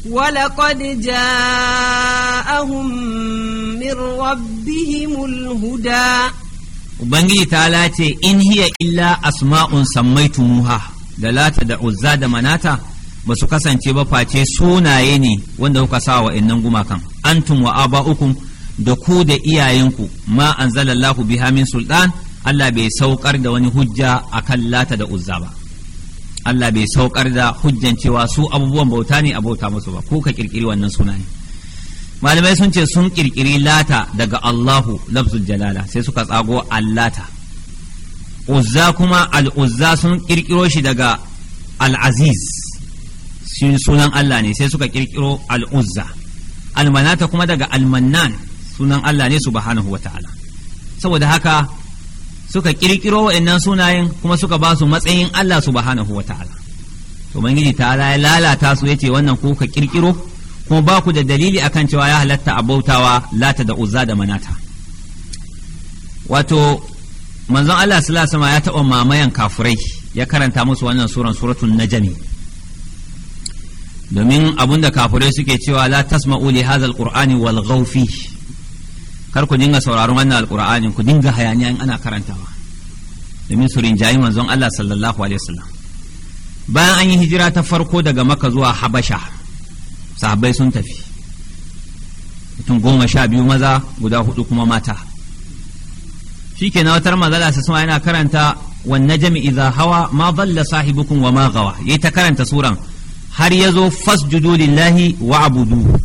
ولقد جاءهم من ربهم الهدى Ubangiji ta lace in hiya illa asma'un sammaitumuha da lata da uzza da manata ba su kasance ba face sunaye ne wanda kuka sa wa innan gumakan antum wa aba'ukum da ku da iyayenku ma anzalallahu biha min sultan Allah bai saukar da wani hujja akan lata da uzza ba Allah bai saukar da hujjan cewa su abubuwan bauta ne a bauta musu ba ko ka kirkiri wannan suna ne malamai sun ce sun kirkiri lata daga Allahu lafzul jalala sai suka tsago allata uzza kuma al'uzza sun kirkiro shi daga al'aziz sunan Allah ne sai suka kirkiro al'uzza almanata kuma daga almannan sunan Allah ne subhanahu wata'ala ta'ala saboda haka suka kirkiro wa'annan sunayen kuma suka ba su matsayin Allah subhanahu wa ta'ala to ta ta'ala ya lalata su yace wannan ku ka kirkiro kuma ba ku da dalili akan cewa ya halatta a bautawa lata da uzza da manata wato manzon Allah sallallahu alaihi ya taɓa mamayan kafurai ya karanta musu wannan suran suratul najmi domin abunda kafurai suke cewa la tasma'u li hadzal qur'ani wal ghawfi kar ku dinga sauraron wannan alqur'anin ku dinga hayaniya in ana karantawa domin su rinjayi manzon Allah sallallahu alaihi wasallam bayan an yi hijira ta farko daga maka zuwa habasha sahabbai sun tafi mutum goma sha biyu maza guda hudu kuma mata shi ke na watar mazala su yana karanta wanne jami'i za hawa ma balla sahibukun wa ma gawa ya ta karanta suran har ya zo fasjudu lillahi wa abudu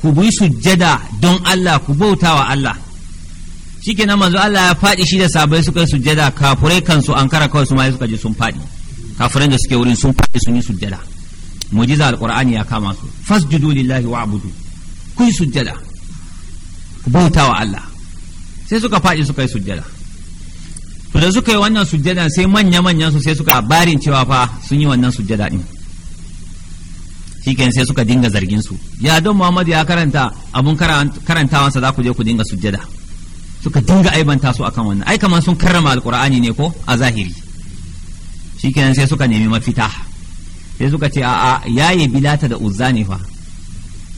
ku bi sujjada don Allah ku bauta wa Allah shikenan manzo Allah ya faɗi shi da sabai suka yi sujjada kafurai kansu an kara kawai su ma suka je sun faɗi kafuran da suke wurin sun faɗi sun yi sujjada mujiza alqur'ani ya kama su fasjudu lillahi wa'budu ku yi sujjada ku bauta wa Allah sai suka faɗi suka yi sujjada to da suka yi wannan sujjada sai manya manyan su sai suka barin cewa fa sun yi wannan sujjada din shikenan sai suka dinga zargin su ya don Muhammad ya karanta abun karantawansa za ku je ku dinga sujjada suka dinga aibanta su akan wannan ai kamar sun karrama alqur'ani ne ko a zahiri shikenan sai suka nemi mafita sai suka ce a'a yayi bilata da uzza ne fa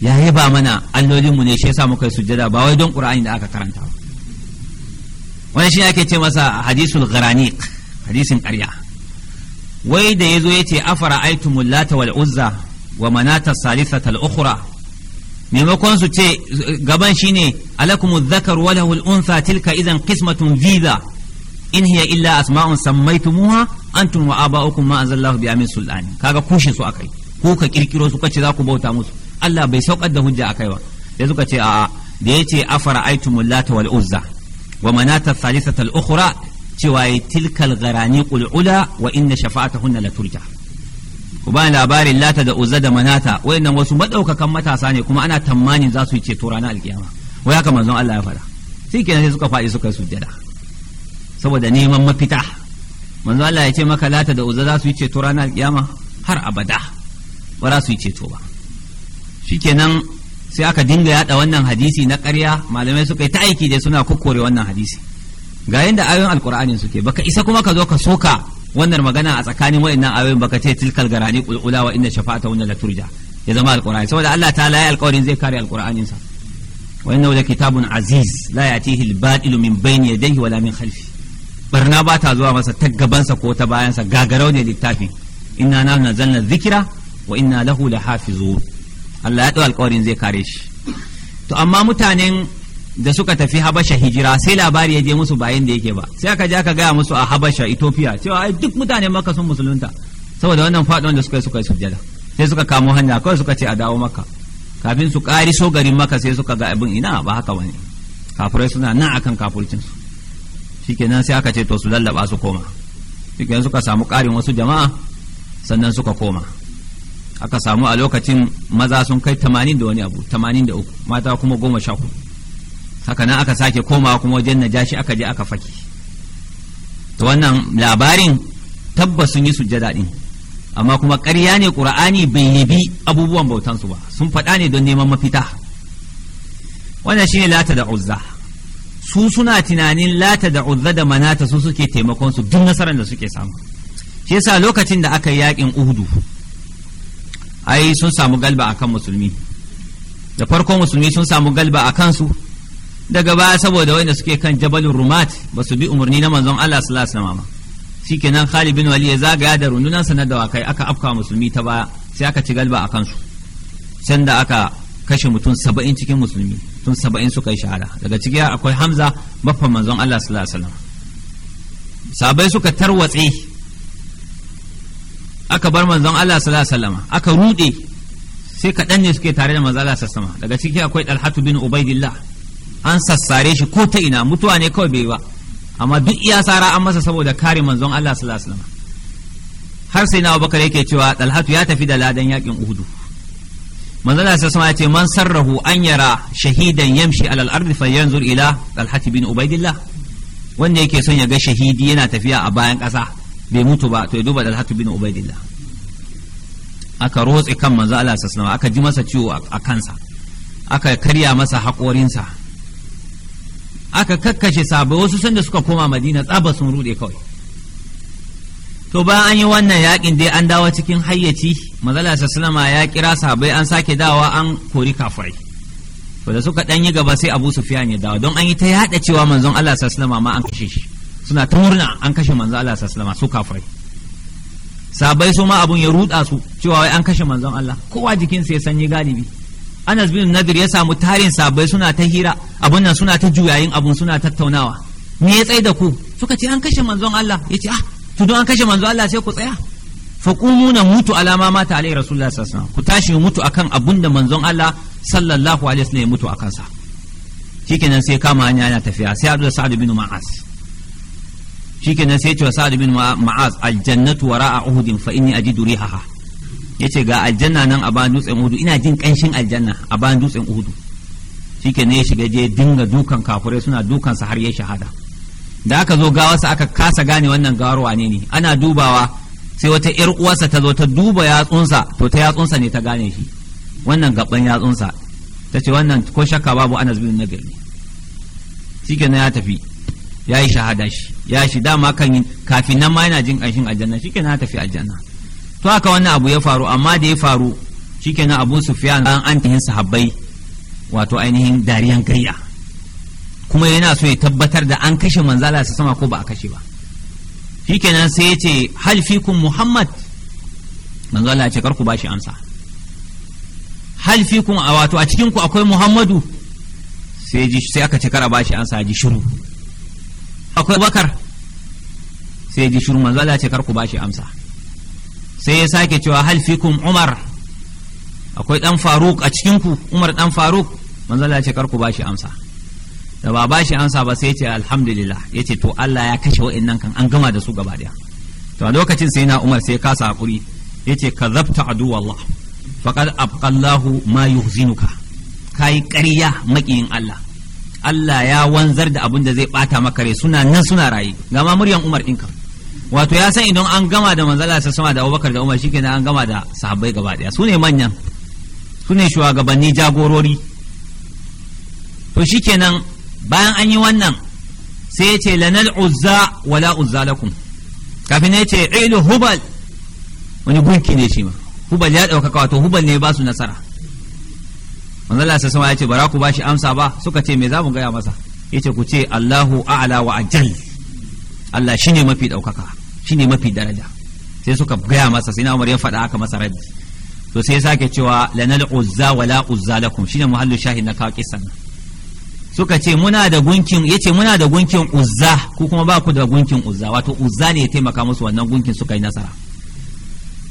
ya ba mana allolin mu ne shi yasa muka sujjada ba wai don qur'ani da aka karanta ba wani shi ake ce masa hadisul gharaniq hadisin ƙarya wai da yazo yace afara aitumul lata wal uzza wa manata salisata al maimakon su ce gaban shine alakumu dhakar wa lahu tilka idan kismatun viza in hiya illa asma'un sammaytumuha antum wa aba'ukum ma anzalallahu bi amin sultani kaga kushin su akai ko ka kirkiro su kace za ku bauta musu Allah bai saukar da hujja akai ba sai suka ce a'a da yace afara aitumul lata wal uzza wa manata thalithata al-ukhra cewa tilkal gharaniqul ula wa inna shafa'atahunna la turja' ku ba labarin lata da uzza da manata wayannan wasu madaukakan matasa ne kuma ana tamanin za su yi ceto ranar alkiyama wai haka manzon Allah ya fada sai kenan sai suka faɗi suka sujjada saboda neman mafita manzon Allah ya ce maka lata da uzza za su yi ceto ranar alkiyama har abada ba za su yi ceto ba kenan sai aka dinga yada wannan hadisi na ƙarya malamai suka yi ta aiki da suna kokkore wannan hadisi ga yanda ayoyin alkur'ani suke baka isa kuma ka zo ka soka wannan magana a tsakanin waɗannan ayoyin baka ce tilkal garani qulqula wa inna shafa'ata wannan la turja ya zama alqur'ani saboda Allah ta'ala ya alƙawarin zai kare alqur'anin sa wa inna la kitabun aziz la yatihi al-batilu min bayni yadayhi wala min khalfi barna ba ta zuwa masa ta gaban sa ko ta bayan sa gagarau ne littafin inna na nazzalna dhikra wa inna lahu lahafizun Allah ya dau alƙawarin zai kare shi to amma mutanen da suka tafi habasha hijira sai labari ya je musu bayan da yake ba sai aka je aka gaya musu a habasha ethiopia cewa ai duk mutane maka sun musulunta saboda wannan fadon da suka yi suka yi sai suka kamo hanya kawai suka ce a dawo maka kafin su ƙari so garin maka sai suka ga abin ina ba haka bane kafirai suna nan akan su shikenan sai aka ce to su lallaba su koma shikenan suka samu ƙarin wasu jama'a sannan suka koma aka samu a lokacin maza sun kai tamanin da wani abu tamanin da uku mata kuma goma sha haka nan aka sake komawa kuma wajen najashi aka je aka faki to wannan labarin tabbas sun yi sujjada din amma kuma ƙarya ne ƙur'ani bai yabi abubuwan bautansu ba sun faɗa ne don neman mafita wannan shine lata da uzza su suna tunanin lata da uzza da manata su suke taimakon su duk nasarar da suke samu shi yasa lokacin da aka yi yakin uhudu ai sun samu galba akan musulmi da farko musulmi sun samu galba a kansu daga baya saboda wanda suke kan jabalin rumat ba su bi umarni na manzon Allah sallallahu alaihi wasallam shikenan Khalid bin Walid ya zagaya da rundunan sa na dawakai aka afka musulmi ta baya sai aka ci galba a kansu sanda aka kashe mutum saba'in cikin musulmi tun saba'in suka yi shahada daga ciki akwai Hamza baffan manzon Allah sallallahu alaihi wasallam sabai suka tarwatse aka bar manzon Allah sallallahu alaihi wasallam aka rude sai kaɗan ne suke tare da manzon Allah sallallahu alaihi wasallam daga ciki akwai Talhatu bin Ubaidillah an sassare shi ko ta ina mutuwa ne kawai bai ba amma duk iya sara an masa saboda kare manzon Allah sallallahu alaihi har sai na Abubakar yake cewa Talhatu ya tafi da ladan yakin Uhudu manzon Allah sallallahu alaihi ya ce man sarrahu an yara shahidan yamshi alal ardi yanzur ila Talhati bin Ubaidillah wanda yake son ya ga shahidi yana tafiya a bayan ƙasa bai mutu ba to ya duba Talhatu bin Ubaidillah aka rotse kan manzon Allah sallallahu alaihi aka ji masa ciwo a kansa aka karya masa haƙorinsa aka kakkashe sabai wasu da suka koma madina tsaba sun rude kawai to bayan an yi wannan yakin dai an dawo cikin hayyaci mazala sallama ya kira sabai an sake dawa an kori kafirai to da suka ɗan yi gaba sai Abu Sufiyan ya dawo don an yi ta yada cewa manzon Allah sallama ma an kashe shi suna ta murna an kashe manzon Allah sallama su kafirai sabai su ma abun ya ruda su cewa wai an kashe manzon Allah kowa jikinsa ya sanyi galibi anas bin nadir ya samu tarin sabai suna ta hira abun nan suna ta juyayin abun suna tattaunawa me ya tsaye da ku suka ce an kashe manzon Allah ya ce ah to don an kashe manzon Allah sai ku tsaya fa na mutu alama mata alai rasulullah sallallahu alaihi ku tashi mutu akan abun da manzon Allah sallallahu alaihi wasallam ya mutu akan sa shikenan sai kama hanya yana tafiya sai hadu da sa'ad bin ma'as shikenan sai ya ce wa bin ma'az aljannatu wara'a uhudin fa inni ajidu rihaha yace ga aljanna nan a bayan dutsen uhudu ina jin kanshin aljanna a bayan dutsen uhudu ke ne ya shiga je dinga dukan kafurai suna dukan sa har ya shahada da aka zo gawarsa aka kasa gane wannan gawar wane ne ana dubawa sai wata yar uwarsa ta zo ta duba yatsunsa to ta yatsunsa ne ta gane shi wannan gaban yatsunsa ta ce wannan ko shakka babu anas bin nagir ne shike ya tafi ya yi shahada shi ya shi dama kan kafin nan ma yana jin ƙanshin aljanna shi ke ya tafi aljanna to haka wannan abu ya faru amma da ya faru shikenan abu sufyan an an tahin sahabbai wato ainihin dariyan gayya kuma yana so ya tabbatar da an kashe manzala su sama ko ba a kashe ba shikenan sai ya ce hal fikum muhammad manzala ce karku ba shi amsa hal fikum wato a cikin ku akwai muhammadu sai ji sai aka ce kara ba shi amsa ji shiru akwai bakar sai ji shiru manzala ce karku ba shi amsa sai ya sake cewa hal fikum umar akwai dan faruk a cikinku umar dan faruk manzala ya ce karku bashi amsa da ba shi amsa ba sai ya ce alhamdulillah ya ce to Allah ya kashe wa'annan kan an gama da su gaba daya to a lokacin sai na umar sai ya kasa hakuri ya ce ka kazabta adu Allah faqad abqallahu ma yuhzinuka kai ƙarya makiyin Allah Allah ya wanzar da abin da zai ɓata maka rai suna nan suna raye gama muryan Umar ɗinka wato ya san idan an gama da manzala sa sama da abubakar da umar kenan an gama da sahabbai gaba daya su ne manyan su ne shugabanni jagorori to kenan bayan an yi wannan sai ya ce lanar uzza wala uzza lakum kafin ya ce ilu hubal wani gunki ne shi ma hubal ya ɗaukaka wato hubal ne ba su nasara manzala sa sama ya ce bara ku ba shi amsa ba suka ce me za mu gaya masa ya ce ku ce allahu a'la wa ajal Allah ne mafi ɗaukaka ne mafi daraja sai suka gaya masa sai na umar ya faɗa aka masa raddi to sai ya sake cewa lanal uzza wala uzza lakum shine muhallu shahid na kawo kisan suka ce muna da gunkin yace muna da gunkin uzza ko kuma ba ku da gunkin uzza wato uzza ne ya taimaka musu wannan gunkin suka yi nasara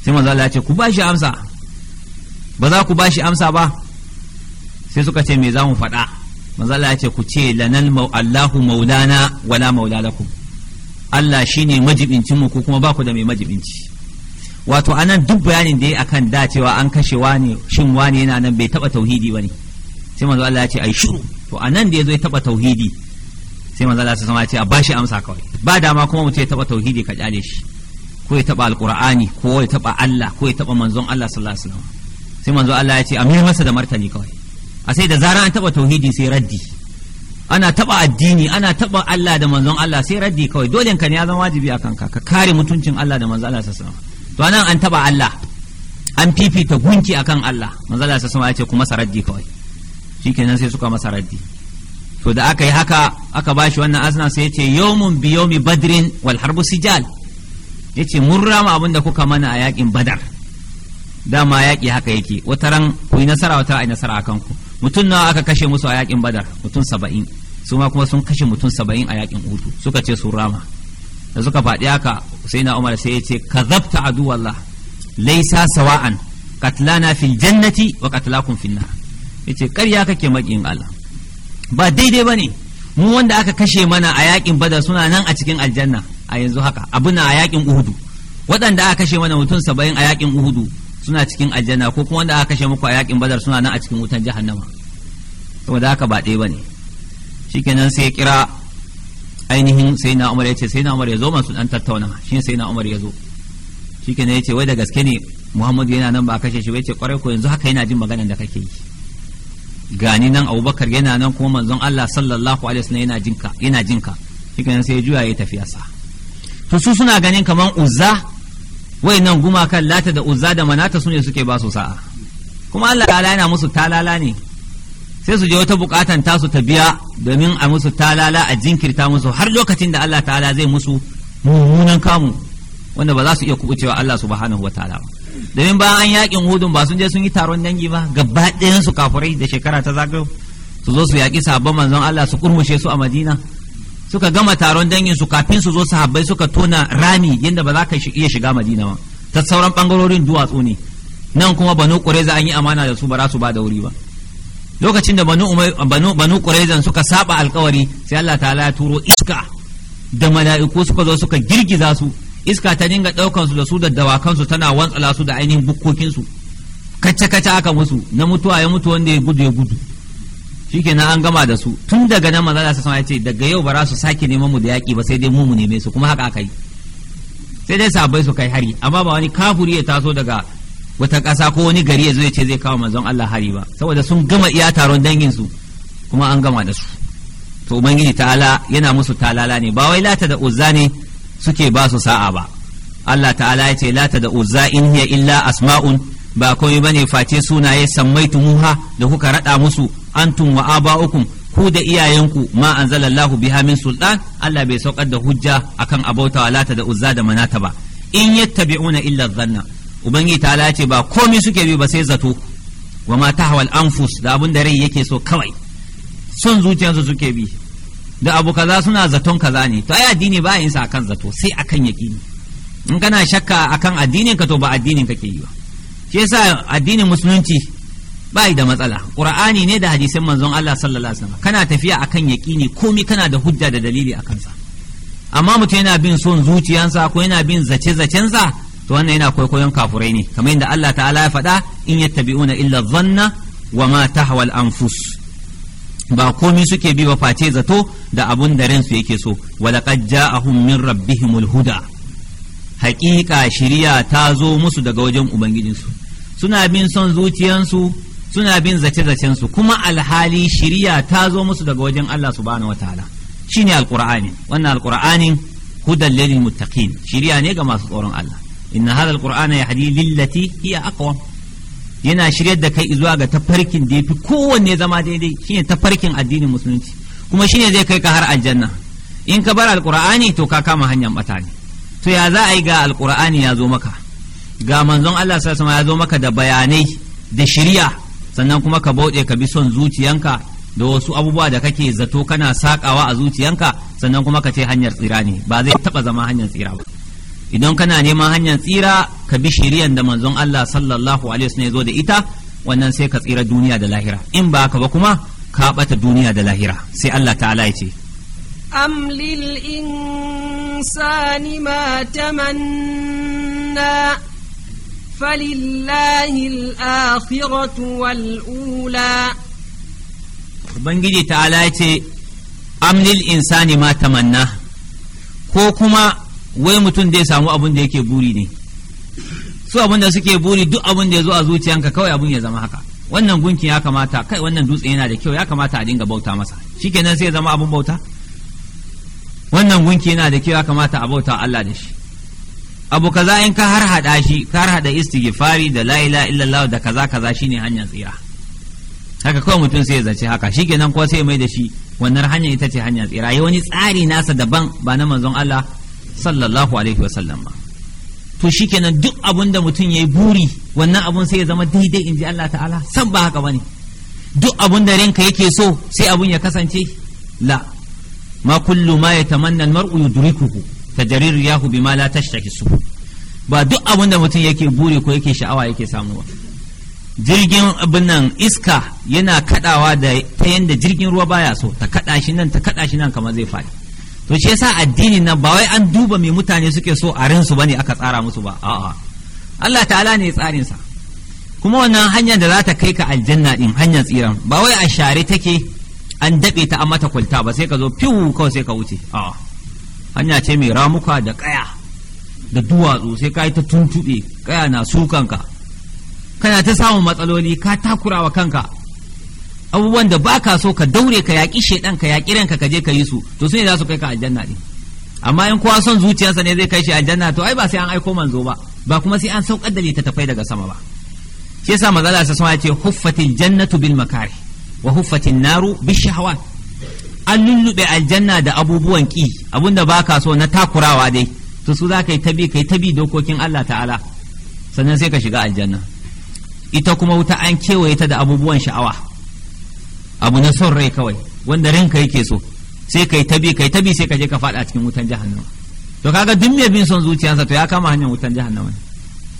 sai manzo Allah ya ce ku ba shi amsa ba za ku ba shi amsa ba sai suka ce me za mu faɗa manzo Allah ya ce ku ce lanal Allahu maulana wala maula lakum Allah shi majibincin mu ko kuma ba ku da mai majibinci wato anan duk bayanin da ya akan kan dacewa an kashe wane shin wane yana nan bai taba tauhidi ba ne sai manzo Allah ya ce ai shiru to anan da yazo ya taba tauhidi sai manzo Allah ya ce a bashi amsa kawai ba dama kuma mutum ya taba tauhidi ka kyale shi ko ya taba alqur'ani ko ya taba Allah ko ya taba manzon Allah sallallahu alaihi wasallam sai manzo Allah ya ce a masa da martani kawai a sai da zaran an taba tauhidi sai raddi ana taba addini ana taba Allah da manzon Allah sai raddi kawai dole ka ne ya zama wajibi a kanka ka kare mutuncin Allah da manzon Allah sallallahu alaihi to anan an taba Allah an fifita gunki akan Allah manzon Allah sallallahu alaihi ya ce kuma saraddi kawai shikenan sai suka masa raddi to da aka yi haka aka bashi wannan azna sai ce yawmun bi yawmi badrin wal harbu sijal yace mun rama abin da kuka mana a yakin badar dama yaki haka yake wataran ku yi nasara wata ai nasara akan ku mutum nawa aka kashe musu a yakin badar mutum saba'in su ma kuma sun kashe mutum saba'in a yakin utu suka ce sun rama da suka faɗi haka sai na umar sai ya ce ka zabta adu laisa sawa'an katlana fil jannati wa katlakum fil nar yace ƙarya kake maƙin Allah ba daidai bane mu wanda aka kashe mana a yakin badar suna nan a cikin aljanna a yanzu haka abuna a yakin uhudu waɗanda aka kashe mana mutum saba'in a yakin uhudu suna cikin aljanna ko kuma wanda aka kashe muku a yakin badar suna nan a cikin wutan jahannama saboda haka ba ɗaya bane shikenan sai ya kira ainihin sai na umar ya ce sai na umar ya zo masu dan tattauna shi sai na umar ya zo shikenan ya ce wai da gaske ne muhammadu yana nan ba kashe shi wai ce kwarai ko yanzu haka yana jin maganar da kake yi gani nan abubakar yana nan kuma manzon allah sallallahu alaihi wasallam yana jinka yana jinka shikenan sai ya juya ya tafi yasa to su suna ganin kaman uzza guma gumakan lata da uzza da manata su ne suke ba su sa'a kuma allah ta'ala yana musu talala ne sai su je wata bukatan tasu ta biya domin a musu talala a jinkirta musu har lokacin da Allah ta'ala zai musu mummunan kamu wanda ba za su iya kubucewa Allah subhanahu wataala ba domin bayan an yakin hudun ba sun je sun yi taron dangi ba gaba ɗayan su kafurai da shekara ta zagayo su zo su yaki sabon manzon Allah su kurmushe su a Madina suka gama taron dangin su kafin su zo sahabbai suka tona rami yadda ba za ka iya shiga Madina ba ta sauran bangarorin duwatsu ne nan kuma banu ƙureza an yi amana da su ba za su ba da wuri ba lokacin da banu banu banu quraizan suka saba alkawari sai Allah ta'ala ya turo iska da mala'iku suka zo suka girgiza su iska ta dinga daukan su da su da dawakan tana wantsala su da ainihin bukkokin su kacce kacce aka musu na mutuwa ya mutu wanda ya gudu ya gudu shikenan an gama da su tun daga nan manzo Allah ya ce daga yau ba su sake neman mu da yaki ba sai dai mu mu neme su kuma haka aka yi sai dai sabai su kai hari amma ba wani kafuri ya taso daga wata ƙasa ko wani gari ya zo ya ce zai kawo manzon Allah hari ba saboda sun gama iya taron dangin su kuma an gama da su to ubangiji ta'ala yana musu talala ne ba wai lata da uzza ne suke ba su sa'a ba Allah ta'ala ya ce lata da uzza in hiya illa asma'un ba komai bane face sunaye sammaitumuha da kuka rada musu antum wa aba'ukum ku da iyayenku ma anzalallahu biha min sultan Allah bai saukar da hujja akan abautawa lata da uzza da manata ba in yattabi'una illa dhanna ubangi ta ce ba komi suke bi ba sai zato wa ma tahwal anfus da abun da rai yake so kawai son zuciyarsu suke bi da abu kaza suna zaton kaza ne to ai addini ba yin sa akan zato sai akan yaqini in kana shakka akan addinin ka to ba addinin kake yi ba shi yasa addinin musulunci ba da matsala qur'ani ne da hadisin manzon Allah sallallahu alaihi wasallam kana tafiya akan yaqini komi kana da hujja da dalili akan sa amma mutum yana bin son zuciyansa ko yana bin zace-zacensa to wannan yana kwaikwayon kafurai ne kamar yadda Allah ta'ala ya faɗa in yattabi'una illa dhanna wa ma tahwa al-anfus ba komi suke bi ba face zato da abun da ransu yake so walaqad ja'ahum min rabbihimul huda haƙiƙa shiriya ta zo musu daga wajen ubangijinsu suna bin son zuciyansu suna bin zace-zacensu kuma alhali shiriya ta zo musu daga wajen Allah subhanahu wataala shine alqur'ani wannan alqur'anin hudan lil muttaqin shiriya ne ga masu tsoron Allah inna hadha alqur'ana yahdi lillati hiya aqwam yana shiryar da kai zuwa ga tafarkin da yafi kowanne zama daidai shine tafarkin addinin musulunci kuma shine zai kai ka har aljanna in ka bar alqur'ani to ka kama hanyar bata to ya za a yi ga alqur'ani ya zo maka ga manzon Allah sallallahu alaihi ya zo maka da bayanai da shiriya sannan kuma ka bauɗe ka bi son zuciyanka da wasu abubuwa da kake zato kana sakawa a zuciyanka sannan kuma ka ce hanyar tsira ne ba zai taɓa zama hanyar tsira ba idan kana neman hanyar tsira ka bi shiriyan da manzon Allah sallallahu alaihi wasallam ya zo da ita wannan sai ka tsira duniya da lahira in ba ka ba kuma ka bata duniya da lahira sai Allah ta'ala ya ce am lil insani ma tamanna فلله الآخرة والأولى Ubangiji ta'ala ya ce, Amnil insani ma tamanna, ko kuma wai mutum dai samu abin da yake buri ne su abin da suke buri duk abin da ya zo a zuciyanka kawai abin ya zama haka wannan gunkin ya kamata kai wannan dutse yana da kyau ya kamata a dinga bauta masa shikenan sai ya zama abin bauta wannan gunki yana da kyau ya kamata a bauta Allah da shi abu kaza in ka har hada shi ka har hada istighfari da la ilaha illallah da kaza kaza shine hanyar tsira haka kawai mutum sai ya zace haka shikenan ko sai mai da shi wannan hanyar ita ce hanyar tsira yi wani tsari nasa daban ba na manzon Allah sallallahu alaihi wasallam ba to shikenan duk abun da mutum yayi buri wannan abun sai ya zama daidai inji Allah ta'ala san ba haka bane duk abun da ranka yake so sai abun ya kasance la ma kullu ma yatamanna al-mar'u yudrikuhu tajarir riyahu bima la tashtahi su. ba duk abun da mutum yake buri ko yake sha'awa yake samu ba jirgin abin nan iska yana kadawa da ta yanda jirgin ruwa baya so ta kada shi nan ta kada shi nan kamar zai faɗi to shi yasa addini nan ba wai an duba me mutane suke so a ransu bane aka tsara musu ba a'a Allah ta'ala ne tsarin sa kuma wannan hanyar da za ta kai ka aljanna din hanyar tsiran ba wai a share take an daɓe ta a mata kwalta ba sai ka zo fiwu kawai sai ka wuce a'a hanya ce mai ramuka da kaya da duwatsu sai ka yi ta tuntube kaya na sukanka kana ta samun matsaloli ka takurawa kanka abubuwan da ba ka so ka daure ka yaƙi shaidan ka yaƙi ranka ka je ka yi su to su ne za su kai ka aljanna ne amma in kowa son zuciyarsa ne zai kai shi aljanna to ai ba sai an aiko manzo ba ba kuma sai an saukar da littattafai daga sama ba shi yasa maza Allah sama ya ce huffatil jannatu bil makari wa huffatin naru bi shahawan an lullube aljanna da abubuwan ki abunda ba ka so na takurawa dai to su za ka yi tabi ka yi tabi dokokin Allah ta'ala sannan sai ka shiga aljanna ita kuma wuta an kewaye ta da abubuwan sha'awa abu na son rai kawai wanda ranka yake so sai kai tabi kai tabi sai ka je ka faɗa cikin wutan jahannama to kaga duk mai bin son zuciyarsa to ya kama hanyar wutan jahannama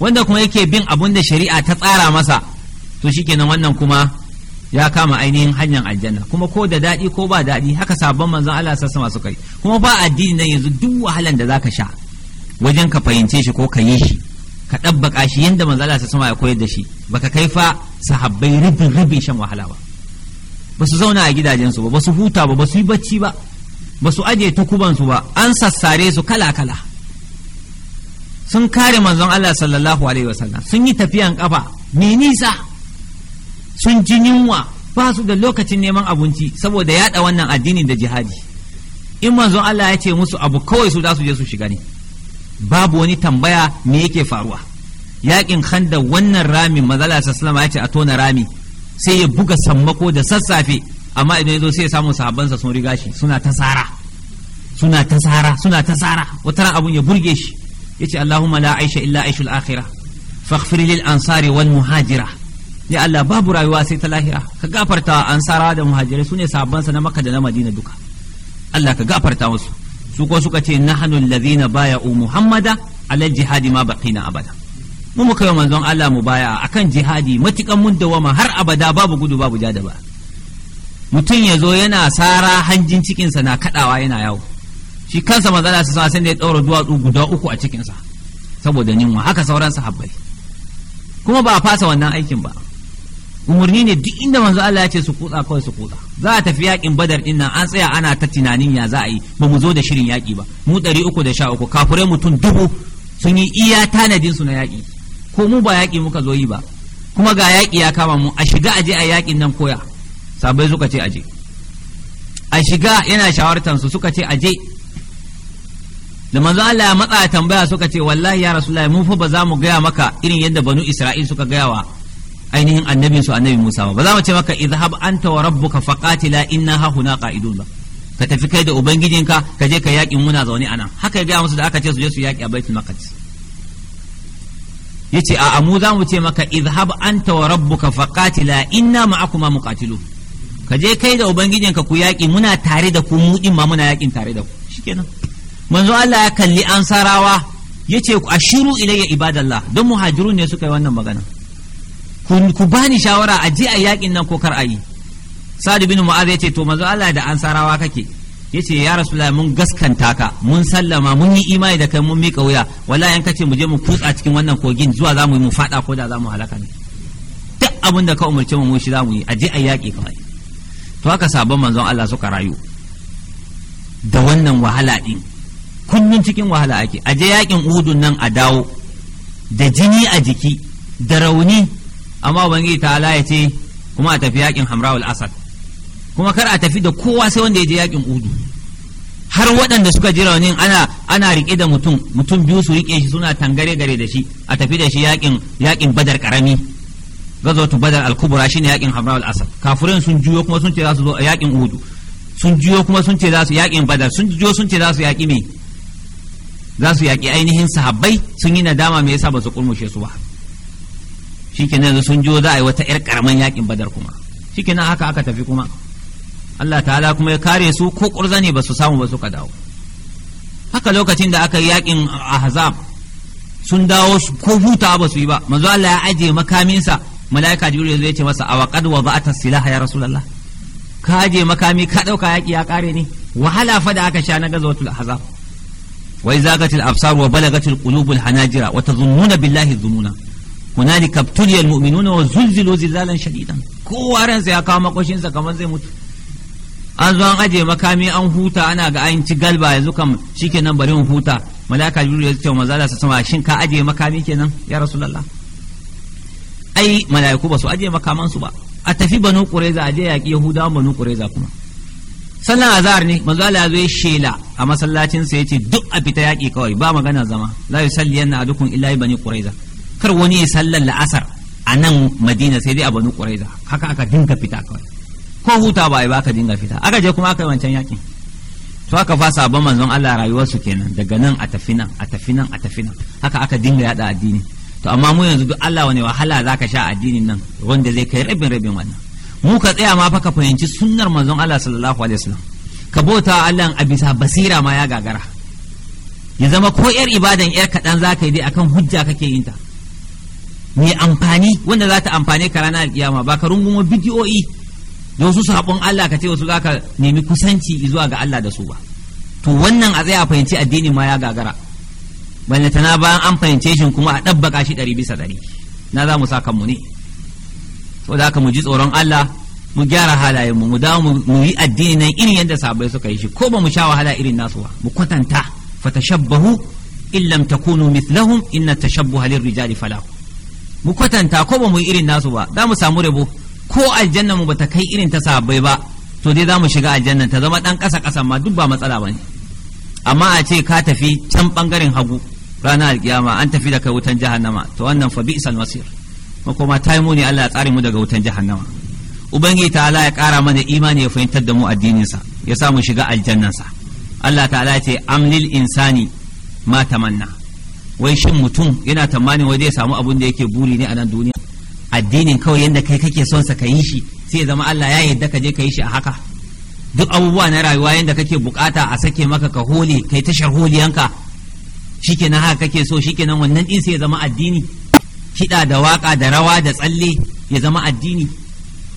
wanda kuma yake bin abun da shari'a ta tsara masa to shikenan wannan kuma ya kama ainihin hanyar aljanna kuma ko da daɗi ko ba daɗi haka sabon manzon Allah sassa masu kai kuma ba addini nan yanzu duk wahalan da zaka sha wajen ka fahimce shi ko ka yi shi ka ɗabbaka shi yadda manzon Allah sassa ya koyar da shi baka kai fa sahabbai rubin rubin shan wahala ba ba su zauna a gidajensu ba ba su huta ba ba su yi bacci ba ba su aje takubansu ba an sassare su kala kala sun kare manzon Allah sallallahu alaihi wasallam sun yi tafiyan kafa mai nisa sun ji yunwa ba su da lokacin neman abinci saboda yada wannan addini da jihadi in manzon Allah ya ce musu abu kawai su za su je su shiga ne babu wani tambaya me yake faruwa yakin khanda wannan rami mazala sallama ya ce a tona rami sai ya buga sammako da sassafe amma idan ya zo sai ya samu sahabbansa sun riga shi suna ta sara suna ta suna ta sara wata abun ya burge shi yace Allahumma la aisha illa aishul akhirah faghfir lil ansari wal muhajira ya Allah babu rayuwa sai ta lahira ka gafarta ansara da muhajirai sune sahabbansa na Makka da na Madina duka Allah ka gafarta musu su ko suka ce nahnu alladhina baya'u muhammada ala jihadi ma baqina abada mu muka yi manzon Allah mu baya akan jihadi matukan mun dawama har abada babu gudu babu jada ba mutum ya zo yana sara hanjin cikinsa na kadawa yana yawo shi kansa manzala su sa sai da ya daura duwatsu guda uku a cikinsa saboda ninwa haka sauran sahabbai kuma ba a fasa wannan aikin ba umarni ne duk inda manzo Allah ya ce su kutsa kawai su kutsa za a tafi yakin badar din nan an tsaya ana ta tunanin ya za a yi ba mu zo da shirin yaki ba mu 313 kafurai mutum dubu sun yi iya tanadin su na yaki ko mu ba yaƙi muka zo yi ba kuma ga yaƙi ya kama mu a shiga aje a yaƙin nan koya sabai suka ce aje a shiga yana shawartar su suka ce aje da manzo Allah ya matsa tambaya suka ce wallahi ya rasulullahi mun fa ba za mu gaya maka irin yadda banu Isra'il suka gaya wa ainihin annabin su annabi Musa ba za mu ce maka idhhab anta wa rabbuka faqatila inna ha huna qa'idun ba ka tafi kai da ubangijinka ka je ka yaƙin muna zaune anan haka ya gaya musu da aka ce su je su yaƙi a baitul maqdis yace a mu za mu ce maka izhab anta wa rabbuka faqatila inna ma'akuma muqatilu ka je kai da ubangijinka ku yaƙi muna tare da ku mu din ma muna yaƙin tare da ku shikenan manzo Allah ya kalli ansarawa yace ku ashiru ilayya ibadallah don muhajirun ne suka yi wannan magana ku bani shawara a je a yaƙin nan ko kar a yi sa'ad bin mu'adh yace to manzo Allah da ansarawa kake yace ya rasulullah mun gaskanta ka mun sallama mun yi imani da kai mun mika wuya wallahi in kace mu je mu kutsa cikin wannan kogin zuwa zamu yi mu fada ko da zamu halaka ne duk abin da ka umarce mu mu shi zamu yi je a yaƙi kawai to haka sabon manzon Allah suka rayu da wannan wahala din kullun cikin wahala ake je yakin Uhudun nan a dawo da jini a jiki da rauni amma ubangiji ta ya ce kuma a tafi yakin Hamrawul Asad kuma kar a tafi da kowa sai wanda ya je yakin udu har waɗanda suka ji raunin ana ana rike da mutum mutum biyu su rike shi suna tangare gare da shi a tafi da shi yakin yakin badar karami gazawatu badar al-kubra shine yakin hamra al-asad kafirin sun juyo kuma sun ce za su zo a yakin udu sun juyo kuma sun ce za su yakin badar sun juyo sun ce za su yaki me za su yaki ainihin sahabbai sun yi nadama me yasa ba su kurmushe su ba shikenan sun juyo za a yi wata yar karaman yakin badar kuma shikenan haka aka tafi kuma Allah ta'ala kuma ya kare su ko ƙurza ne ba su samu ba su ka dawo haka lokacin da aka yi yakin ahzab sun dawo su ko huta ba su yi ba manzo Allah ya aje makaminsa malaika jibril zai ce masa awa awaqad wada'ata silaha ya rasulullah ka aje makami ka dauka yaƙi ya kare ne wahala fa da aka sha na gazawatul ahzab wa izagatil absar wa balagatil qulubul hanajira wa tazunnuna billahi dhununa hunalika ibtuliya almu'minuna wa zulzilu zilzalan shadidan kowa ransa ya kawo makoshinsa kamar zai mutu an zo an aje makami an huta ana ga an ci galba yanzu kam shikenan bari mu huta malaka jibril ya ce wa manzo Allah sama shin ka aje makami kenan ya rasulullah ai malaiku ba su aje makaman su ba a tafi banu qurayza aje yaki yahudawa banu qurayza kuma sannan azhar ne manzo Allah ya zo ya shela a masallacin sa yace duk a fita yaki kawai ba magana zama la yusalliyanna adukum illa bani qurayza kar wani ya sallar la'asar a nan madina sai dai a banu qurayza haka aka dinka fita kawai ko huta ba ba ka dinga fita aka je kuma aka yi wancan yakin to aka fa sabon manzon Allah rayuwarsu kenan daga nan a tafi nan a tafi nan a tafi nan haka aka dinga yada addini to amma mu yanzu duk Allah wani wahala zaka sha addinin nan wanda zai kai rabin rabin wannan mu ka tsaya ma fa ka fahimci sunnar manzon Allah sallallahu alaihi wasallam ka bauta Allah a bisa basira ma ya gagara ya zama ko yar ibadan yar kaɗan za ka yi dai akan hujja kake yin ta mai amfani wanda za ta amfane ka ranar alkiyama ba ka rungumo bidiyoyi da wasu sabon Allah ka ce wasu ka nemi kusanci zuwa ga Allah da su ba to wannan a tsaya a fahimci addini ma ya gagara tana bayan an fahimce shi kuma a ɗabbaka shi ɗari bisa ɗari na za mu sa kanmu ne saboda haka mu ji tsoron Allah mu gyara halayen mu mu dawo mu yi addini nan irin yadda sahabbai suka yi shi ko ba mu sha wahala irin nasu ba mu kwatanta fatashabbahu in lam takunu mithlahum inna tashabbuha lirrijali falah mu kwatanta ko ba mu yi irin nasu ba za mu samu rabo ko aljanna mu bata kai irin ta sahabbai ba to dai za mu shiga aljanna ta zama dan ƙasa ƙasa ma duk ba matsala bane amma a ce ka tafi can bangaren hagu ranar alkiyama an tafi da kai wutan jahannama to wannan fa bi'sal masir makoma ta mu ne Allah ya tsare mu daga wutan jahannama ubangiji ta'ala ya kara mana imani ya fahimtar da mu addinin sa ya sa mu shiga aljannan sa Allah ta'ala ce amlil insani ma tamanna wai shin mutum yana tamanin wai zai samu abin da yake buri ne a nan duniya addinin kawai yadda kai kake son sa ka yi shi sai zama Allah ya yarda ka je ka yi shi a haka duk abubuwa na rayuwa yadda kake bukata a sake maka ka hole kai ta sharholiyanka shikenan haka kake so shikenan wannan din sai zama addini kiɗa da waka da rawa da tsalle ya zama addini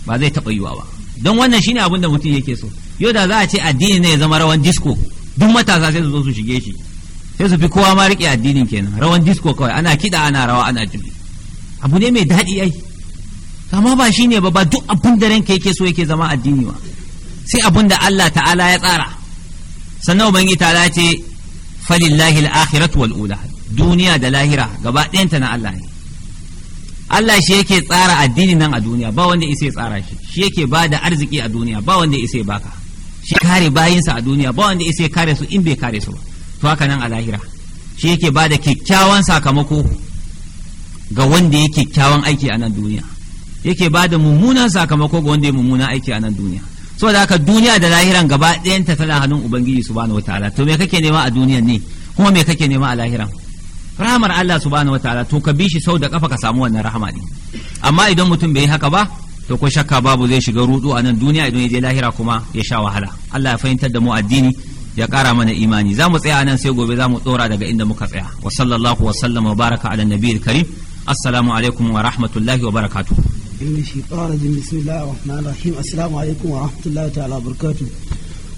ba zai taɓa yiwa ba don wannan shine abin da mutum yake so yau da za a ce addini ne ya zama rawan disco duk matasa sai su zo su shige shi sai su fi kowa ma rike addinin kenan rawan disco kawai ana kiɗa ana rawa ana jubi abu ne mai daɗi ai amma ba ne ba ba duk abin da ranka yake so yake zama addini ba sai abin da Allah ta'ala ya tsara sannan ubangi ta'ala ce falillahi al-akhiratu wal ula duniya da lahira gaba ɗayanta na Allah ne Allah shi yake tsara addini nan a duniya ba wanda isai tsara shi shi yake ba da arziki a duniya ba wanda isai baka shi kare bayinsa a duniya ba wanda isai kare su in bai kare su ba to haka nan a lahira shi yake ba da kyakkyawan sakamako ga wanda yake kyakkyawan aiki a nan duniya yake ba da mummunan sakamako ga wanda ya mummunan aiki a nan duniya saboda haka duniya da lahiran gaba ɗayan ta tana hannun ubangiji subhanahu wataala to me kake nema a duniyar ne kuma me kake nema a lahiran rahamar Allah subhanahu wataala to ka bi shi sau da kafa ka samu wannan rahama din amma idan mutum bai yi haka ba to ko shakka babu zai shiga rudu a nan duniya idan ya je lahira kuma ya sha wahala Allah ya fahimtar da mu addini ya kara mana imani za mu tsaya nan sai gobe za mu tsora daga inda muka tsaya wa sallallahu wa sallama wa baraka ala nabiyil karim assalamu alaikum wa rahmatullahi wa barakatuh من الشيطان الرجيم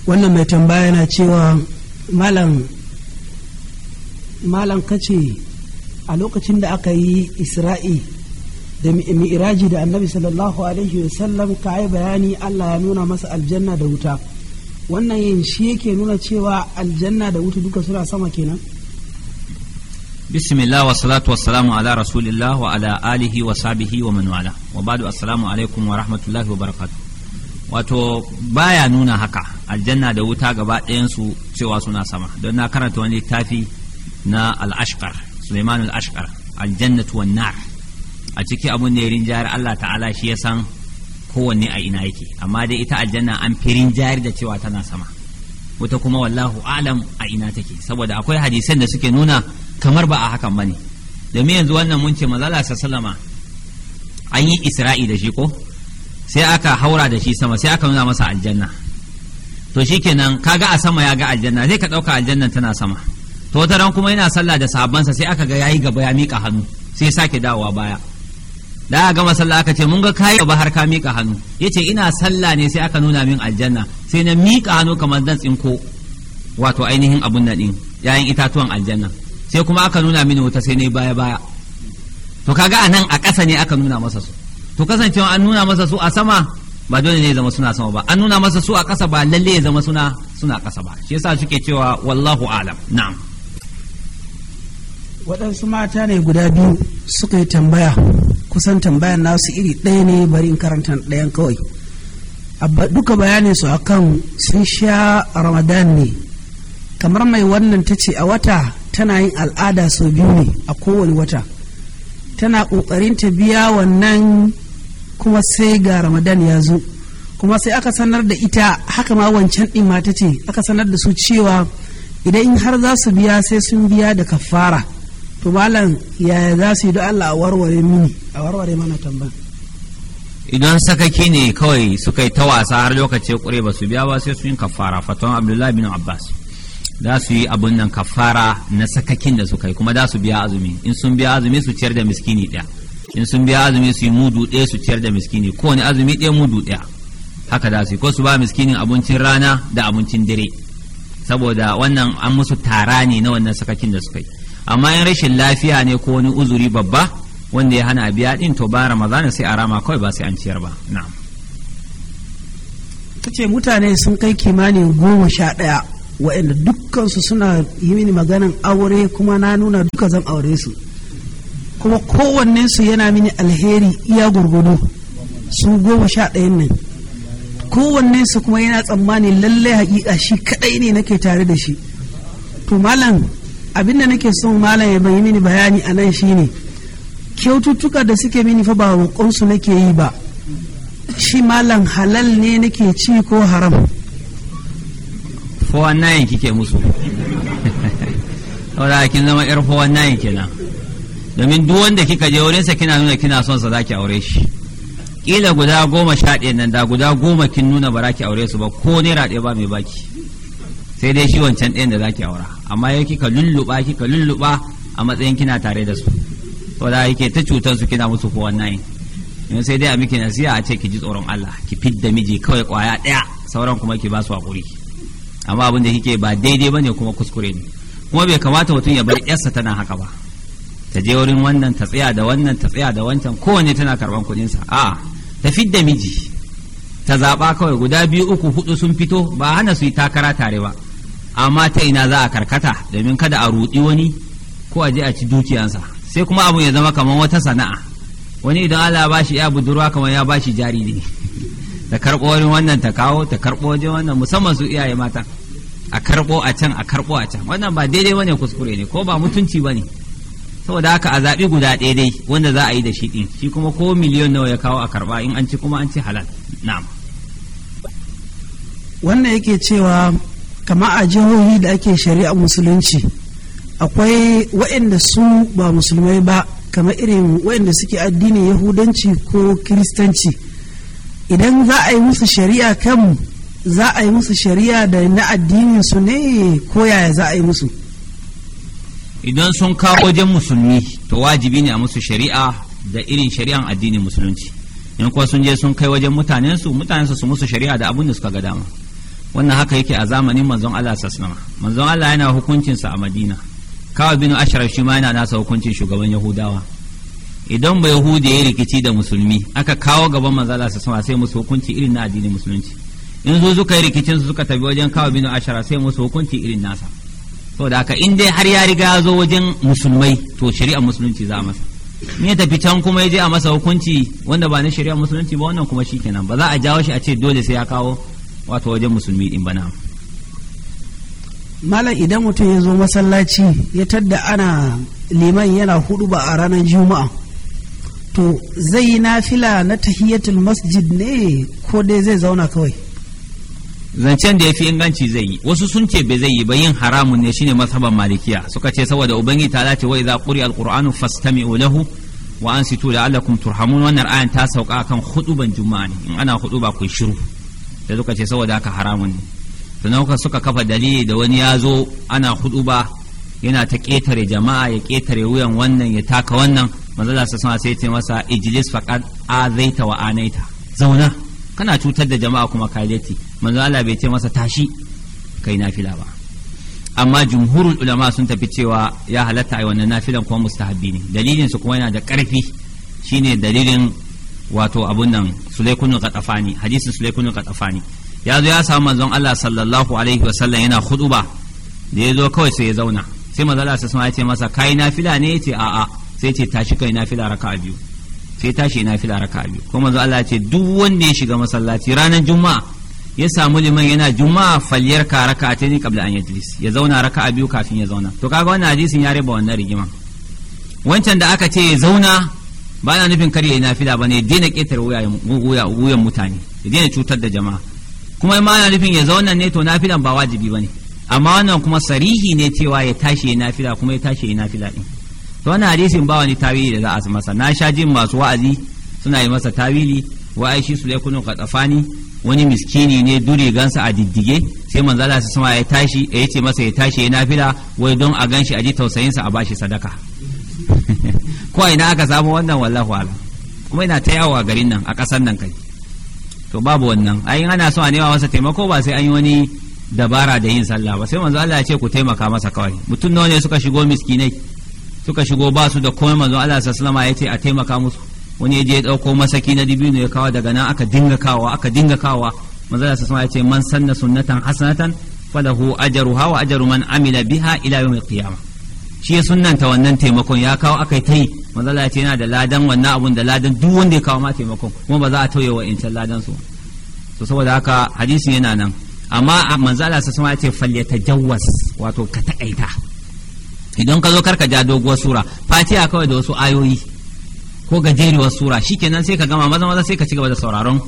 wannan mai tambaya na cewa malam malam kace a lokacin da aka yi isra'i da mi'iraji da annabi sallallahu ka yi bayani allah ya nuna masa aljanna da wuta wannan yin shi yake nuna cewa aljanna da wuta duka suna sama kenan بسم الله والصلاة والسلام على رسول الله وعلى آله وصحبه ومن والاه وبعد السلام عليكم ورحمة الله وبركاته wato baya nuna haka aljanna da wuta gaba ɗayansu cewa suna sama don na karanta wani littafi na al'ashkar suleiman al'ashkar aljannatu wan nar a ciki abun da ya rinjayar Allah ta'ala shi ya san kowanne a ina yake amma dai ita aljanna an fi rinjayar da cewa tana sama wata kuma wallahu alam a ina take saboda akwai hadisan da suke nuna kamar ba a hakan bane domin yanzu wannan mun ce manzala sallama an yi isra'i da shi ko sai aka haura da shi sama sai aka nuna masa aljanna to shi kenan kaga a sama ya ga aljanna zai ka dauka aljanna tana sama to wata ran kuma yana sallah da sahabbansa sai aka ga yayi gaba ya mika hannu sai sake dawowa baya da aka gama sallah aka ce mun ga kai gaba har ka mika hannu yace ina sallah ne sai aka nuna min aljanna sai na mika hannu kamar dan tsinko wato ainihin abun nan din yayin itatuwan aljanna sai kuma aka nuna mini wuta sai yi baya baya to kaga anan a ƙasa ne aka nuna masa su to kasancewa an nuna masa su a sama ba dole ne ya zama suna sama ba an nuna masa su a ƙasa ba lalle ya zama suna suna ƙasa ba shi yasa suke cewa wallahu alam na'am waɗansu mata ne guda biyu suka yi tambaya kusan tambayan nasu iri ɗaya ne bari in karanta ɗayan kawai duka bayanin su akan sun sha ramadan ne kamar mai wannan ta ce a wata tana yin al'ada sau biyu ne a kowane wata tana ƙoƙarin ta biya wannan kuma sai ga ramadan ya zo kuma sai aka sanar da ita haka ma wancan ɗin mata ce aka sanar da su cewa idan har za su biya sai sun biya da kafara to malam yaya za su yi da Allah a warware mini a warware mana tamban idan sakaki ne kawai suka yi ta wasa har lokaci kure ba su biya ba sai sun yi kafara fatan abdullahi bin abbas za su yi abun nan kafara na sakakin da suka yi kuma za su biya azumi in sun biya azumi su ciyar da miskini ɗaya in sun biya azumi su yi mudu ɗaya su ciyar da miskini kowane azumi ɗaya mudu ɗaya haka za su yi ko su ba miskinin abincin rana da abincin dare saboda wannan an musu tara ne na wannan sakakin da suka yi amma in rashin lafiya ne ko wani uzuri babba wanda ya hana biya ɗin to ba ramadana sai a rama kawai ba sai an ciyar ba na'am ta ce mutane sun kai kimanin goma sha ɗaya wa'anda dukkansu suna yi mini maganan aure kuma na nuna duka zan aure su kuma kowanne su yana mini alheri iya gurgudu su goma sha ɗayan nan kowanne su kuma yana tsammani lallai hakika shi kaɗai ne nake tare da shi to malam abinda nake son malam ya bayi mini bayani a nan shine kyaututtuka da suke mini fa ba roƙonsu nake yi ba shi malam halal ne nake ci ko haram fowan nayin kike musu saboda kin zama yar fowan nayin kenan domin duk wanda kika je wurinsa kina nuna kina son sa zaki aure shi kila guda goma sha ɗaya nan da guda goma kin nuna ba zaki aure su ba ko naira ɗaya ba mai baki sai dai shi wancan ɗayan da zaki aura amma yau kika lulluɓa kika lulluɓa a matsayin kina tare da su saboda yake ta cutar su kina musu ko wannan yin sai dai a miki nasiha a ce ki ji tsoron Allah ki fidda miji kawai kwaya ɗaya sauran kuma ki ba su hakuri amma abin da kike ba daidai bane kuma kuskure ne kuma bai kamata mutum ya bar yarsa tana haka ba ta je wurin wannan ta tsaya da wannan ta tsaya da wancan kowanne tana karban kuɗin sa a ta fidda miji ta zaɓa kawai guda biyu uku hudu sun fito ba hana su yi takara tare ba amma ta ina za a karkata domin kada a ruɗi wani ko a je a ci dukiyansa sai kuma abu ya zama kamar wata sana'a wani idan Allah ba shi ya budurwa kamar ya bashi shi jari ne ta karɓo wani wannan ta kawo ta karɓo wajen wannan musamman su iyaye mata a karɓo a can a karɓo a can wannan ba daidai bane kuskure ne ko ba mutunci bane saboda haka a zaɓi guda daidai wanda za a yi da shi ɗin shi kuma ko miliyon nawa ya kawo a karɓa in an ci kuma an ci halal na'am wannan yake cewa kama a jihohi da ake shari'a musulunci akwai waɗanda su ba musulmai ba kamar irin waɗanda suke addinin yahudanci ko kiristanci idan za a yi musu shari'a kan za a yi musu shari'a da na addinin su ne ko yaya za a yi musu idan sun kawo wajen musulmi to wajibi ne a musu shari'a da irin shari'an addinin musulunci in kuwa sun je sun kai wajen mutanensu mutanensu su musu shari'a da abin da suka ga dama wannan haka yake a zamanin manzon Allah sassama manzon Allah yana hukuncinsa a madina kawo bin ashirar shi ma yana nasa hukuncin shugaban yahudawa idan bai yahudi ya rikici da musulmi aka kawo gaban manzon Allah sassama sai musu hukunci irin na addinin musulunci in su suka yi rikicin su suka tafi wajen kawo binu ashara sai musu hukunci irin nasa da haka in dai har ya riga ya zo wajen musulmai to shari'ar musulunci za a masa in ya tafi can kuma ya je a masa hukunci wanda ba na shari'ar musulunci ba wannan kuma shikenan ba za a jawo shi a ce dole sai ya kawo wato wajen musulmi din bana malam idan mutum ya zo masallaci ya tadda ana liman yana hudu ba a ranar juma'a to zai yi nafila na tahiyatul masjid ne ko dai zai zauna kawai zancen da ya fi inganci zai yi wasu sun ce bai zai yi ba yin haramun ne shine mazhaban malikiya suka ce saboda ubangiji ta ce wa idza quri alqur'anu fastami'u lahu wa ansitu la'allakum turhamun wannan ayan ta sauka akan huduban juma'a ne in ana huduba ku shiru da suka ce saboda haka haramun ne sannan suka kafa dalili da wani ya zo ana huduba yana ta ketare jama'a ya ketare wuyan wannan ya taka wannan manzo da sai ce masa ijlis faqad azaita wa anaita zauna kana cutar da jama'a kuma kaleti manzo Allah bai ce masa tashi kai nafila ba amma jumhurul ulama sun tafi cewa ya halatta ai wannan nafilan kuma mustahabbi ne dalilin su kuma yana da karfi shine dalilin wato abun nan sulaikun qatafani hadisin sulaikun qatafani ya zo ya samu manzon Allah sallallahu alaihi wa sallam yana khutuba da ya zo kawai sai ya zauna sai manzo Allah sai ya ce masa kai nafila ne yace a'a sai ce tashi kai nafila raka'a biyu sai tashi na fila raka biyu kuma manzo Allah ce duk wanda ya shiga masallaci ranar juma'a ya samu liman yana juma'a falyar ka raka ta ne kabla an yajlis ya zauna raka biyu kafin ya zauna to kaga wannan hadisin ya raba wannan rigima wancan da aka ce ya zauna ba na nufin kar yayi nafila bane ya daina wuya wuyan mutane ya daina cutar da jama'a kuma ma na nufin ya zauna ne to nafilan ba wajibi bane amma wannan kuma sarihi ne cewa ya tashi ya nafila kuma ya tashi ya nafila din to wannan hadisin ba wani tawili da za a masa na sha jin masu wa'azi suna yi masa tawili wa ai shi sulaikun katsafani wani miskini ne duri gansa a diddige sai manzo Allah su sama ya tashi ya ce masa ya tashi ya nafila wai don a ganshi a ji tausayinsa a bashi sadaka ko ina aka samu wannan wallahu ala kuma ina ta yawo a garin nan a ƙasar nan kai to babu wannan ai ana so a nema masa taimako ba sai an yi wani dabara da yin sallah ba sai manzo Allah ya ce ku taimaka masa kawai mutum nawa ne suka shigo miskinai suka shigo ba su da komai manzon Allah sallama ya ce a taimaka musu wani ya je ya dauko masaki na ne ya kawo daga nan aka dinga kawa aka dinga kawa manzon Allah wasallam ya ce man sanna sunnatan hasanatan falahu ajruha wa ajru man amila biha ila yawmil qiyamah shi ya sunnanta wannan taimakon ya kawo aka ta yi manzon Allah ya ce yana da ladan wannan abun da ladan duk wanda ya kawo ma taimakon kuma ba za a tauye wa incan ladan su to saboda haka hadisin yana nan amma manzon Allah wasallam ya ce falyatajawwas wato ka takaita idan ka zo karka ja doguwar sura fatiha kawai da wasu ayoyi ko gajeriyar sura shi kenan sai ka gama maza maza sai ka ci gaba da sauraron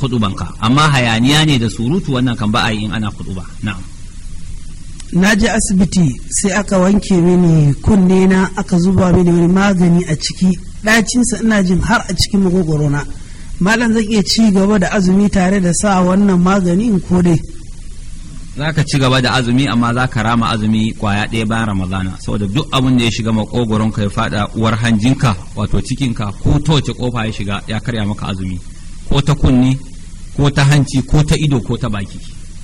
hudubanka amma hayaniya ne da surutu wannan kan ba a yi in ana huduba na'am na je asibiti sai aka wanke mini kunne na aka zuba mini wani magani a ciki ɗacinsa ina jin har a cikin magogoro na malam zai iya ci gaba da azumi tare da sa wannan maganin ko dai za ka ci gaba da azumi amma za ka rama azumi kwaya ɗaya bayan ramadana saboda duk abin da ya shiga ka ya faɗa uwar hanjinka wato cikinka ko ta wace kofa ya shiga ya karya maka azumi ko ta kunni ko ta hanci ko ta ido ko ta baki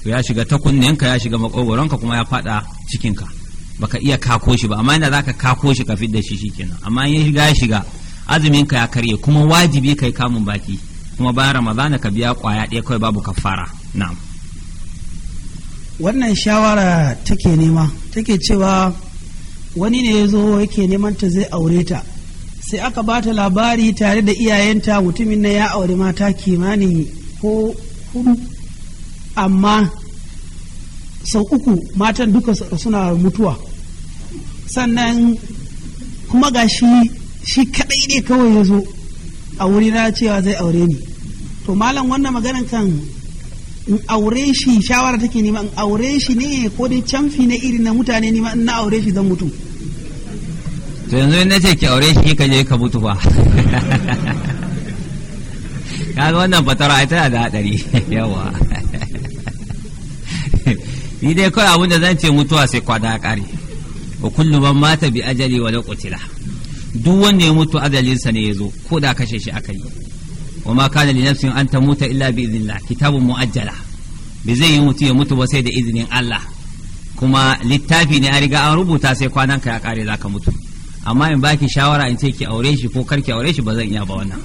ya shiga ta kunninka ya shiga makogoronka kuma ya faɗa cikinka baka iya kako shi ba amma inda za ka kako shi ka da shi shikenan amma in ya shiga ya shiga azuminka ya karye kuma wajibi kai kamun baki kuma bayan ramadana ka biya kwaya ɗaya kawai babu kafara na'am wannan shawara take nema take cewa wani ne ya zo yake neman ta zai aure ta sai aka ba ta labari tare da iyayenta mutumin na ya aure mata kimanin ko hudu amma sau uku matan duka suna mutuwa sannan kuma ga shi shi kadai ne kawai ya zo a wurina cewa zai aure ni to malam wannan maganan kan in aure shi shawara take nema in aure shi ne ko dai camfi na iri na mutane nema in na aure shi zan mutu to yanzu na ce ki aure shi ka je ka mutu ba ga wannan fatara ai tana da hadari yawa ni dai kawai abinda zan ce mutuwa sai kwada kare wa kullu man mata bi ajali wa la qutila duk wanda ya mutu ajalinsa ne ya zo ko da kashe shi akai yi wa ma kana li nafsin an tamuta illa bi idhnillah kitabun muajjala bi zai yi mutu ya mutu ba sai da izinin Allah kuma littafi ne an riga an rubuta sai kwanan ka ya kare zaka mutu amma in baki shawara in ce ki aure shi ko kar ki aure shi ba zan iya ba wannan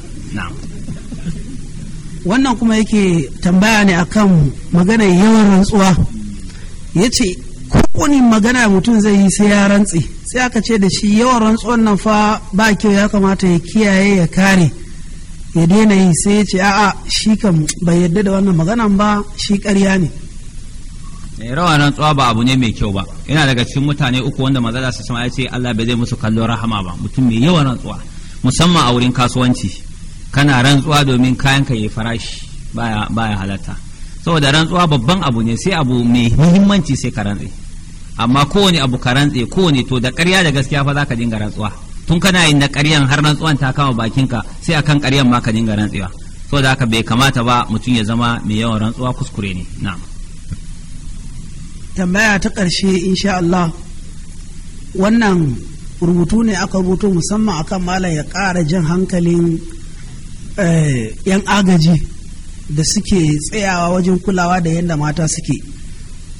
wannan kuma yake tambaya ne akan maganar yawan rantsuwa yace kowane magana mutum zai yi sai ya rantse sai aka ce da shi yawan rantsuwar nan fa ba kyau ya kamata ya kiyaye ya kare ya daina yi sai ya ce a'a shi kan bai yadda da wannan maganan ba shi karya ne eh, rawa nan tsawa ba abu ne mai kyau ba yana daga cikin mutane uku wanda maza za su sama ya ce Allah bai zai musu kallon rahama ba mutum mai yawa rantsuwa musamman a wurin kasuwanci kana rantsuwa domin kayan ka yi farashi baya baya halatta saboda rantsuwa babban abu ne sai abu mai muhimmanci sai ka rantse amma kowane abu ka rantse kowane to da ƙarya da gaskiya fa za ka dinga rantsuwa tun kana yin na ƙaryan har rantsuwan ta kama bakinka sai akan ƙaryan ma ka dinga rantsuwa so da haka bai kamata ba mutum ya zama mai yawan rantsuwa kuskure ne na'am tambaya ta karshe insha Allah wannan rubutu ne aka rubuto musamman akan malam ya ƙara jin hankalin eh, yan agaji da suke tsayawa wajen kulawa da yadda mata suke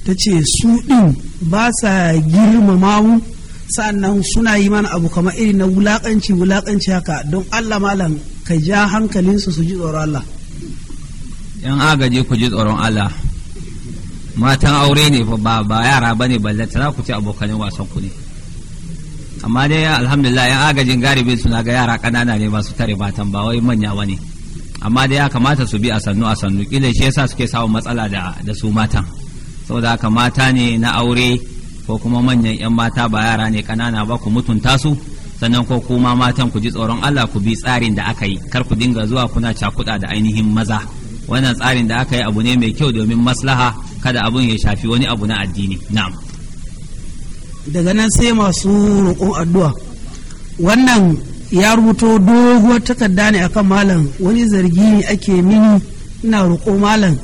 ta ce su ɗin ba sa girmama sannan suna yi mana abu kamar irin na wulakanci wulakanci haka don Allah malam ka ja hankalinsu su ji tsoron Allah yan agaji ku ji tsoron Allah matan aure ne ba ba yara bane ballatara ku ce abokanin wasan ku ne amma dai alhamdulillah yan agajin garibin suna ga yara kanana ne masu tare matan ba wai manya ne amma dai ya kamata su bi a sannu a sannu kila shi yasa suke samun matsala da da su matan saboda haka mata ne na aure ko kuma manyan 'yan mata ba yara ne kanana ba ku mutunta su sannan ko kuma matan ku ji tsoron Allah ku bi tsarin da aka yi kar ku dinga zuwa kuna cakuɗa da ainihin maza wannan tsarin da aka yi abu ne mai kyau domin maslaha kada abun ya shafi wani abu na addini na'am daga nan sai masu roƙon addu'a wannan ya rubuto doguwar takarda ne akan malam wani zargi ne ake mini ina roƙo malam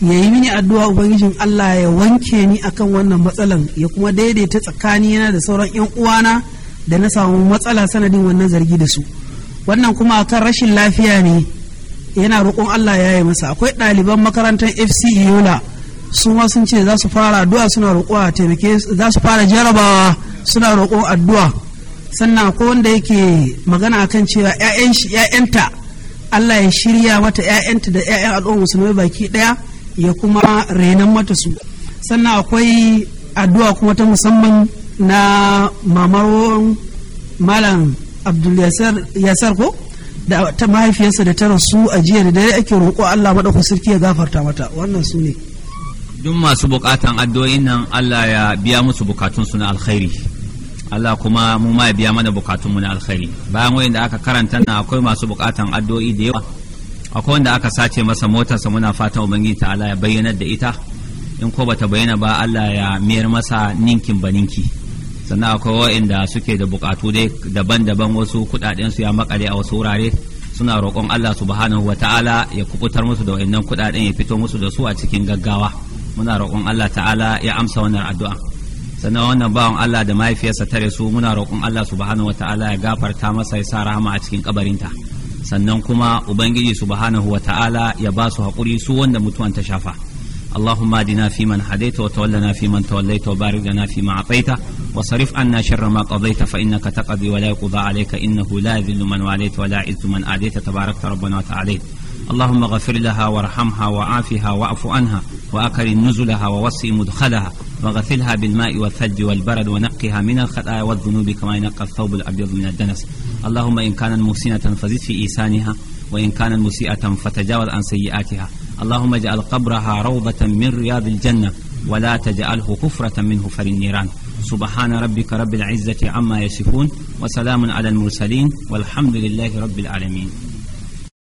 ya yi mini addu'a ubangijin Allah ya wanke ni akan wannan matsalan ya kuma daidaita tsakanina da sauran 'yan uwana da na samu matsala sanadin wannan zargi da su wannan kuma akan rashin lafiya ne yana roƙon Allah ya yi masa akwai ɗaliban makarantar FC Yola su ma sun ce za su fara addu'a suna roƙo taimake za su fara jarabawa suna roƙon addu'a sannan akwai wanda yake magana akan cewa 'ya'yan shi Allah ya shirya mata 'ya'yanta da 'ya'yan al'ummar musulmai baki ɗaya ya kuma renan mata su sannan akwai addu'a kuma ta musamman na mamaron malam abdul yasar ko da ta mahaifiyarsa da ta rasu a jiya da dare ake roƙo Allah maɗaukakin sarki ya gafarta mata wannan su ne duk masu bukatan addu'o'in nan Allah ya biya musu bukatun su na alkhairi Allah kuma mu ma ya biya mana bukatun mu na alkhairi bayan wayan da aka karanta na akwai masu bukatan addu'o'i da yawa akwai wanda aka sace masa motarsa muna fatan ubangiji ta'ala ya bayyanar da ita in ko bata bayyana ba Allah ya miyar masa ninkin ba ninki sannan akwai wa'inda suke da bukatu dai daban-daban wasu kudaden su ya makale a wasu wurare suna roƙon Allah subhanahu wa ta'ala ya kubutar musu da wa'innan kudaden ya fito musu da su a cikin gaggawa muna roƙon Allah ta'ala ya amsa wannan addu'a sannan wannan bawan Allah da mahaifiyarsa tare su muna roƙon Allah subhanahu wa ta'ala ya gafarta masa ya sa rahama a cikin kabarinta sannan kuma ubangiji subhanahu wa ta'ala ya ba su haƙuri su wanda mutuwan ta shafa اللهم اهدنا فيمن هديت وتولنا فيمن توليت وبارك لنا فيما اعطيت وصرف عنا شر ما قضيت فانك تقضي ولا يقضى عليك انه لا يذل من واليت ولا يعز من اديت تبارك ربنا وتعاليت اللهم غفر لها وارحمها وعافها واعف عنها واكرم نزلها ووسع مدخلها وغسلها بالماء والثلج والبرد ونقها من الخطايا والذنوب كما ينقى الثوب الأبيض من الدنس اللهم إن كانت محسنة فزد في إيسانها وإن كانت مسيئة فتجاوز عن سيئاتها اللهم اجعل قبرها روضة من رياض الجنة ولا تجعله كفرة منه فر النيران سبحان ربك رب العزة عما يصفون وسلام على المرسلين والحمد لله رب العالمين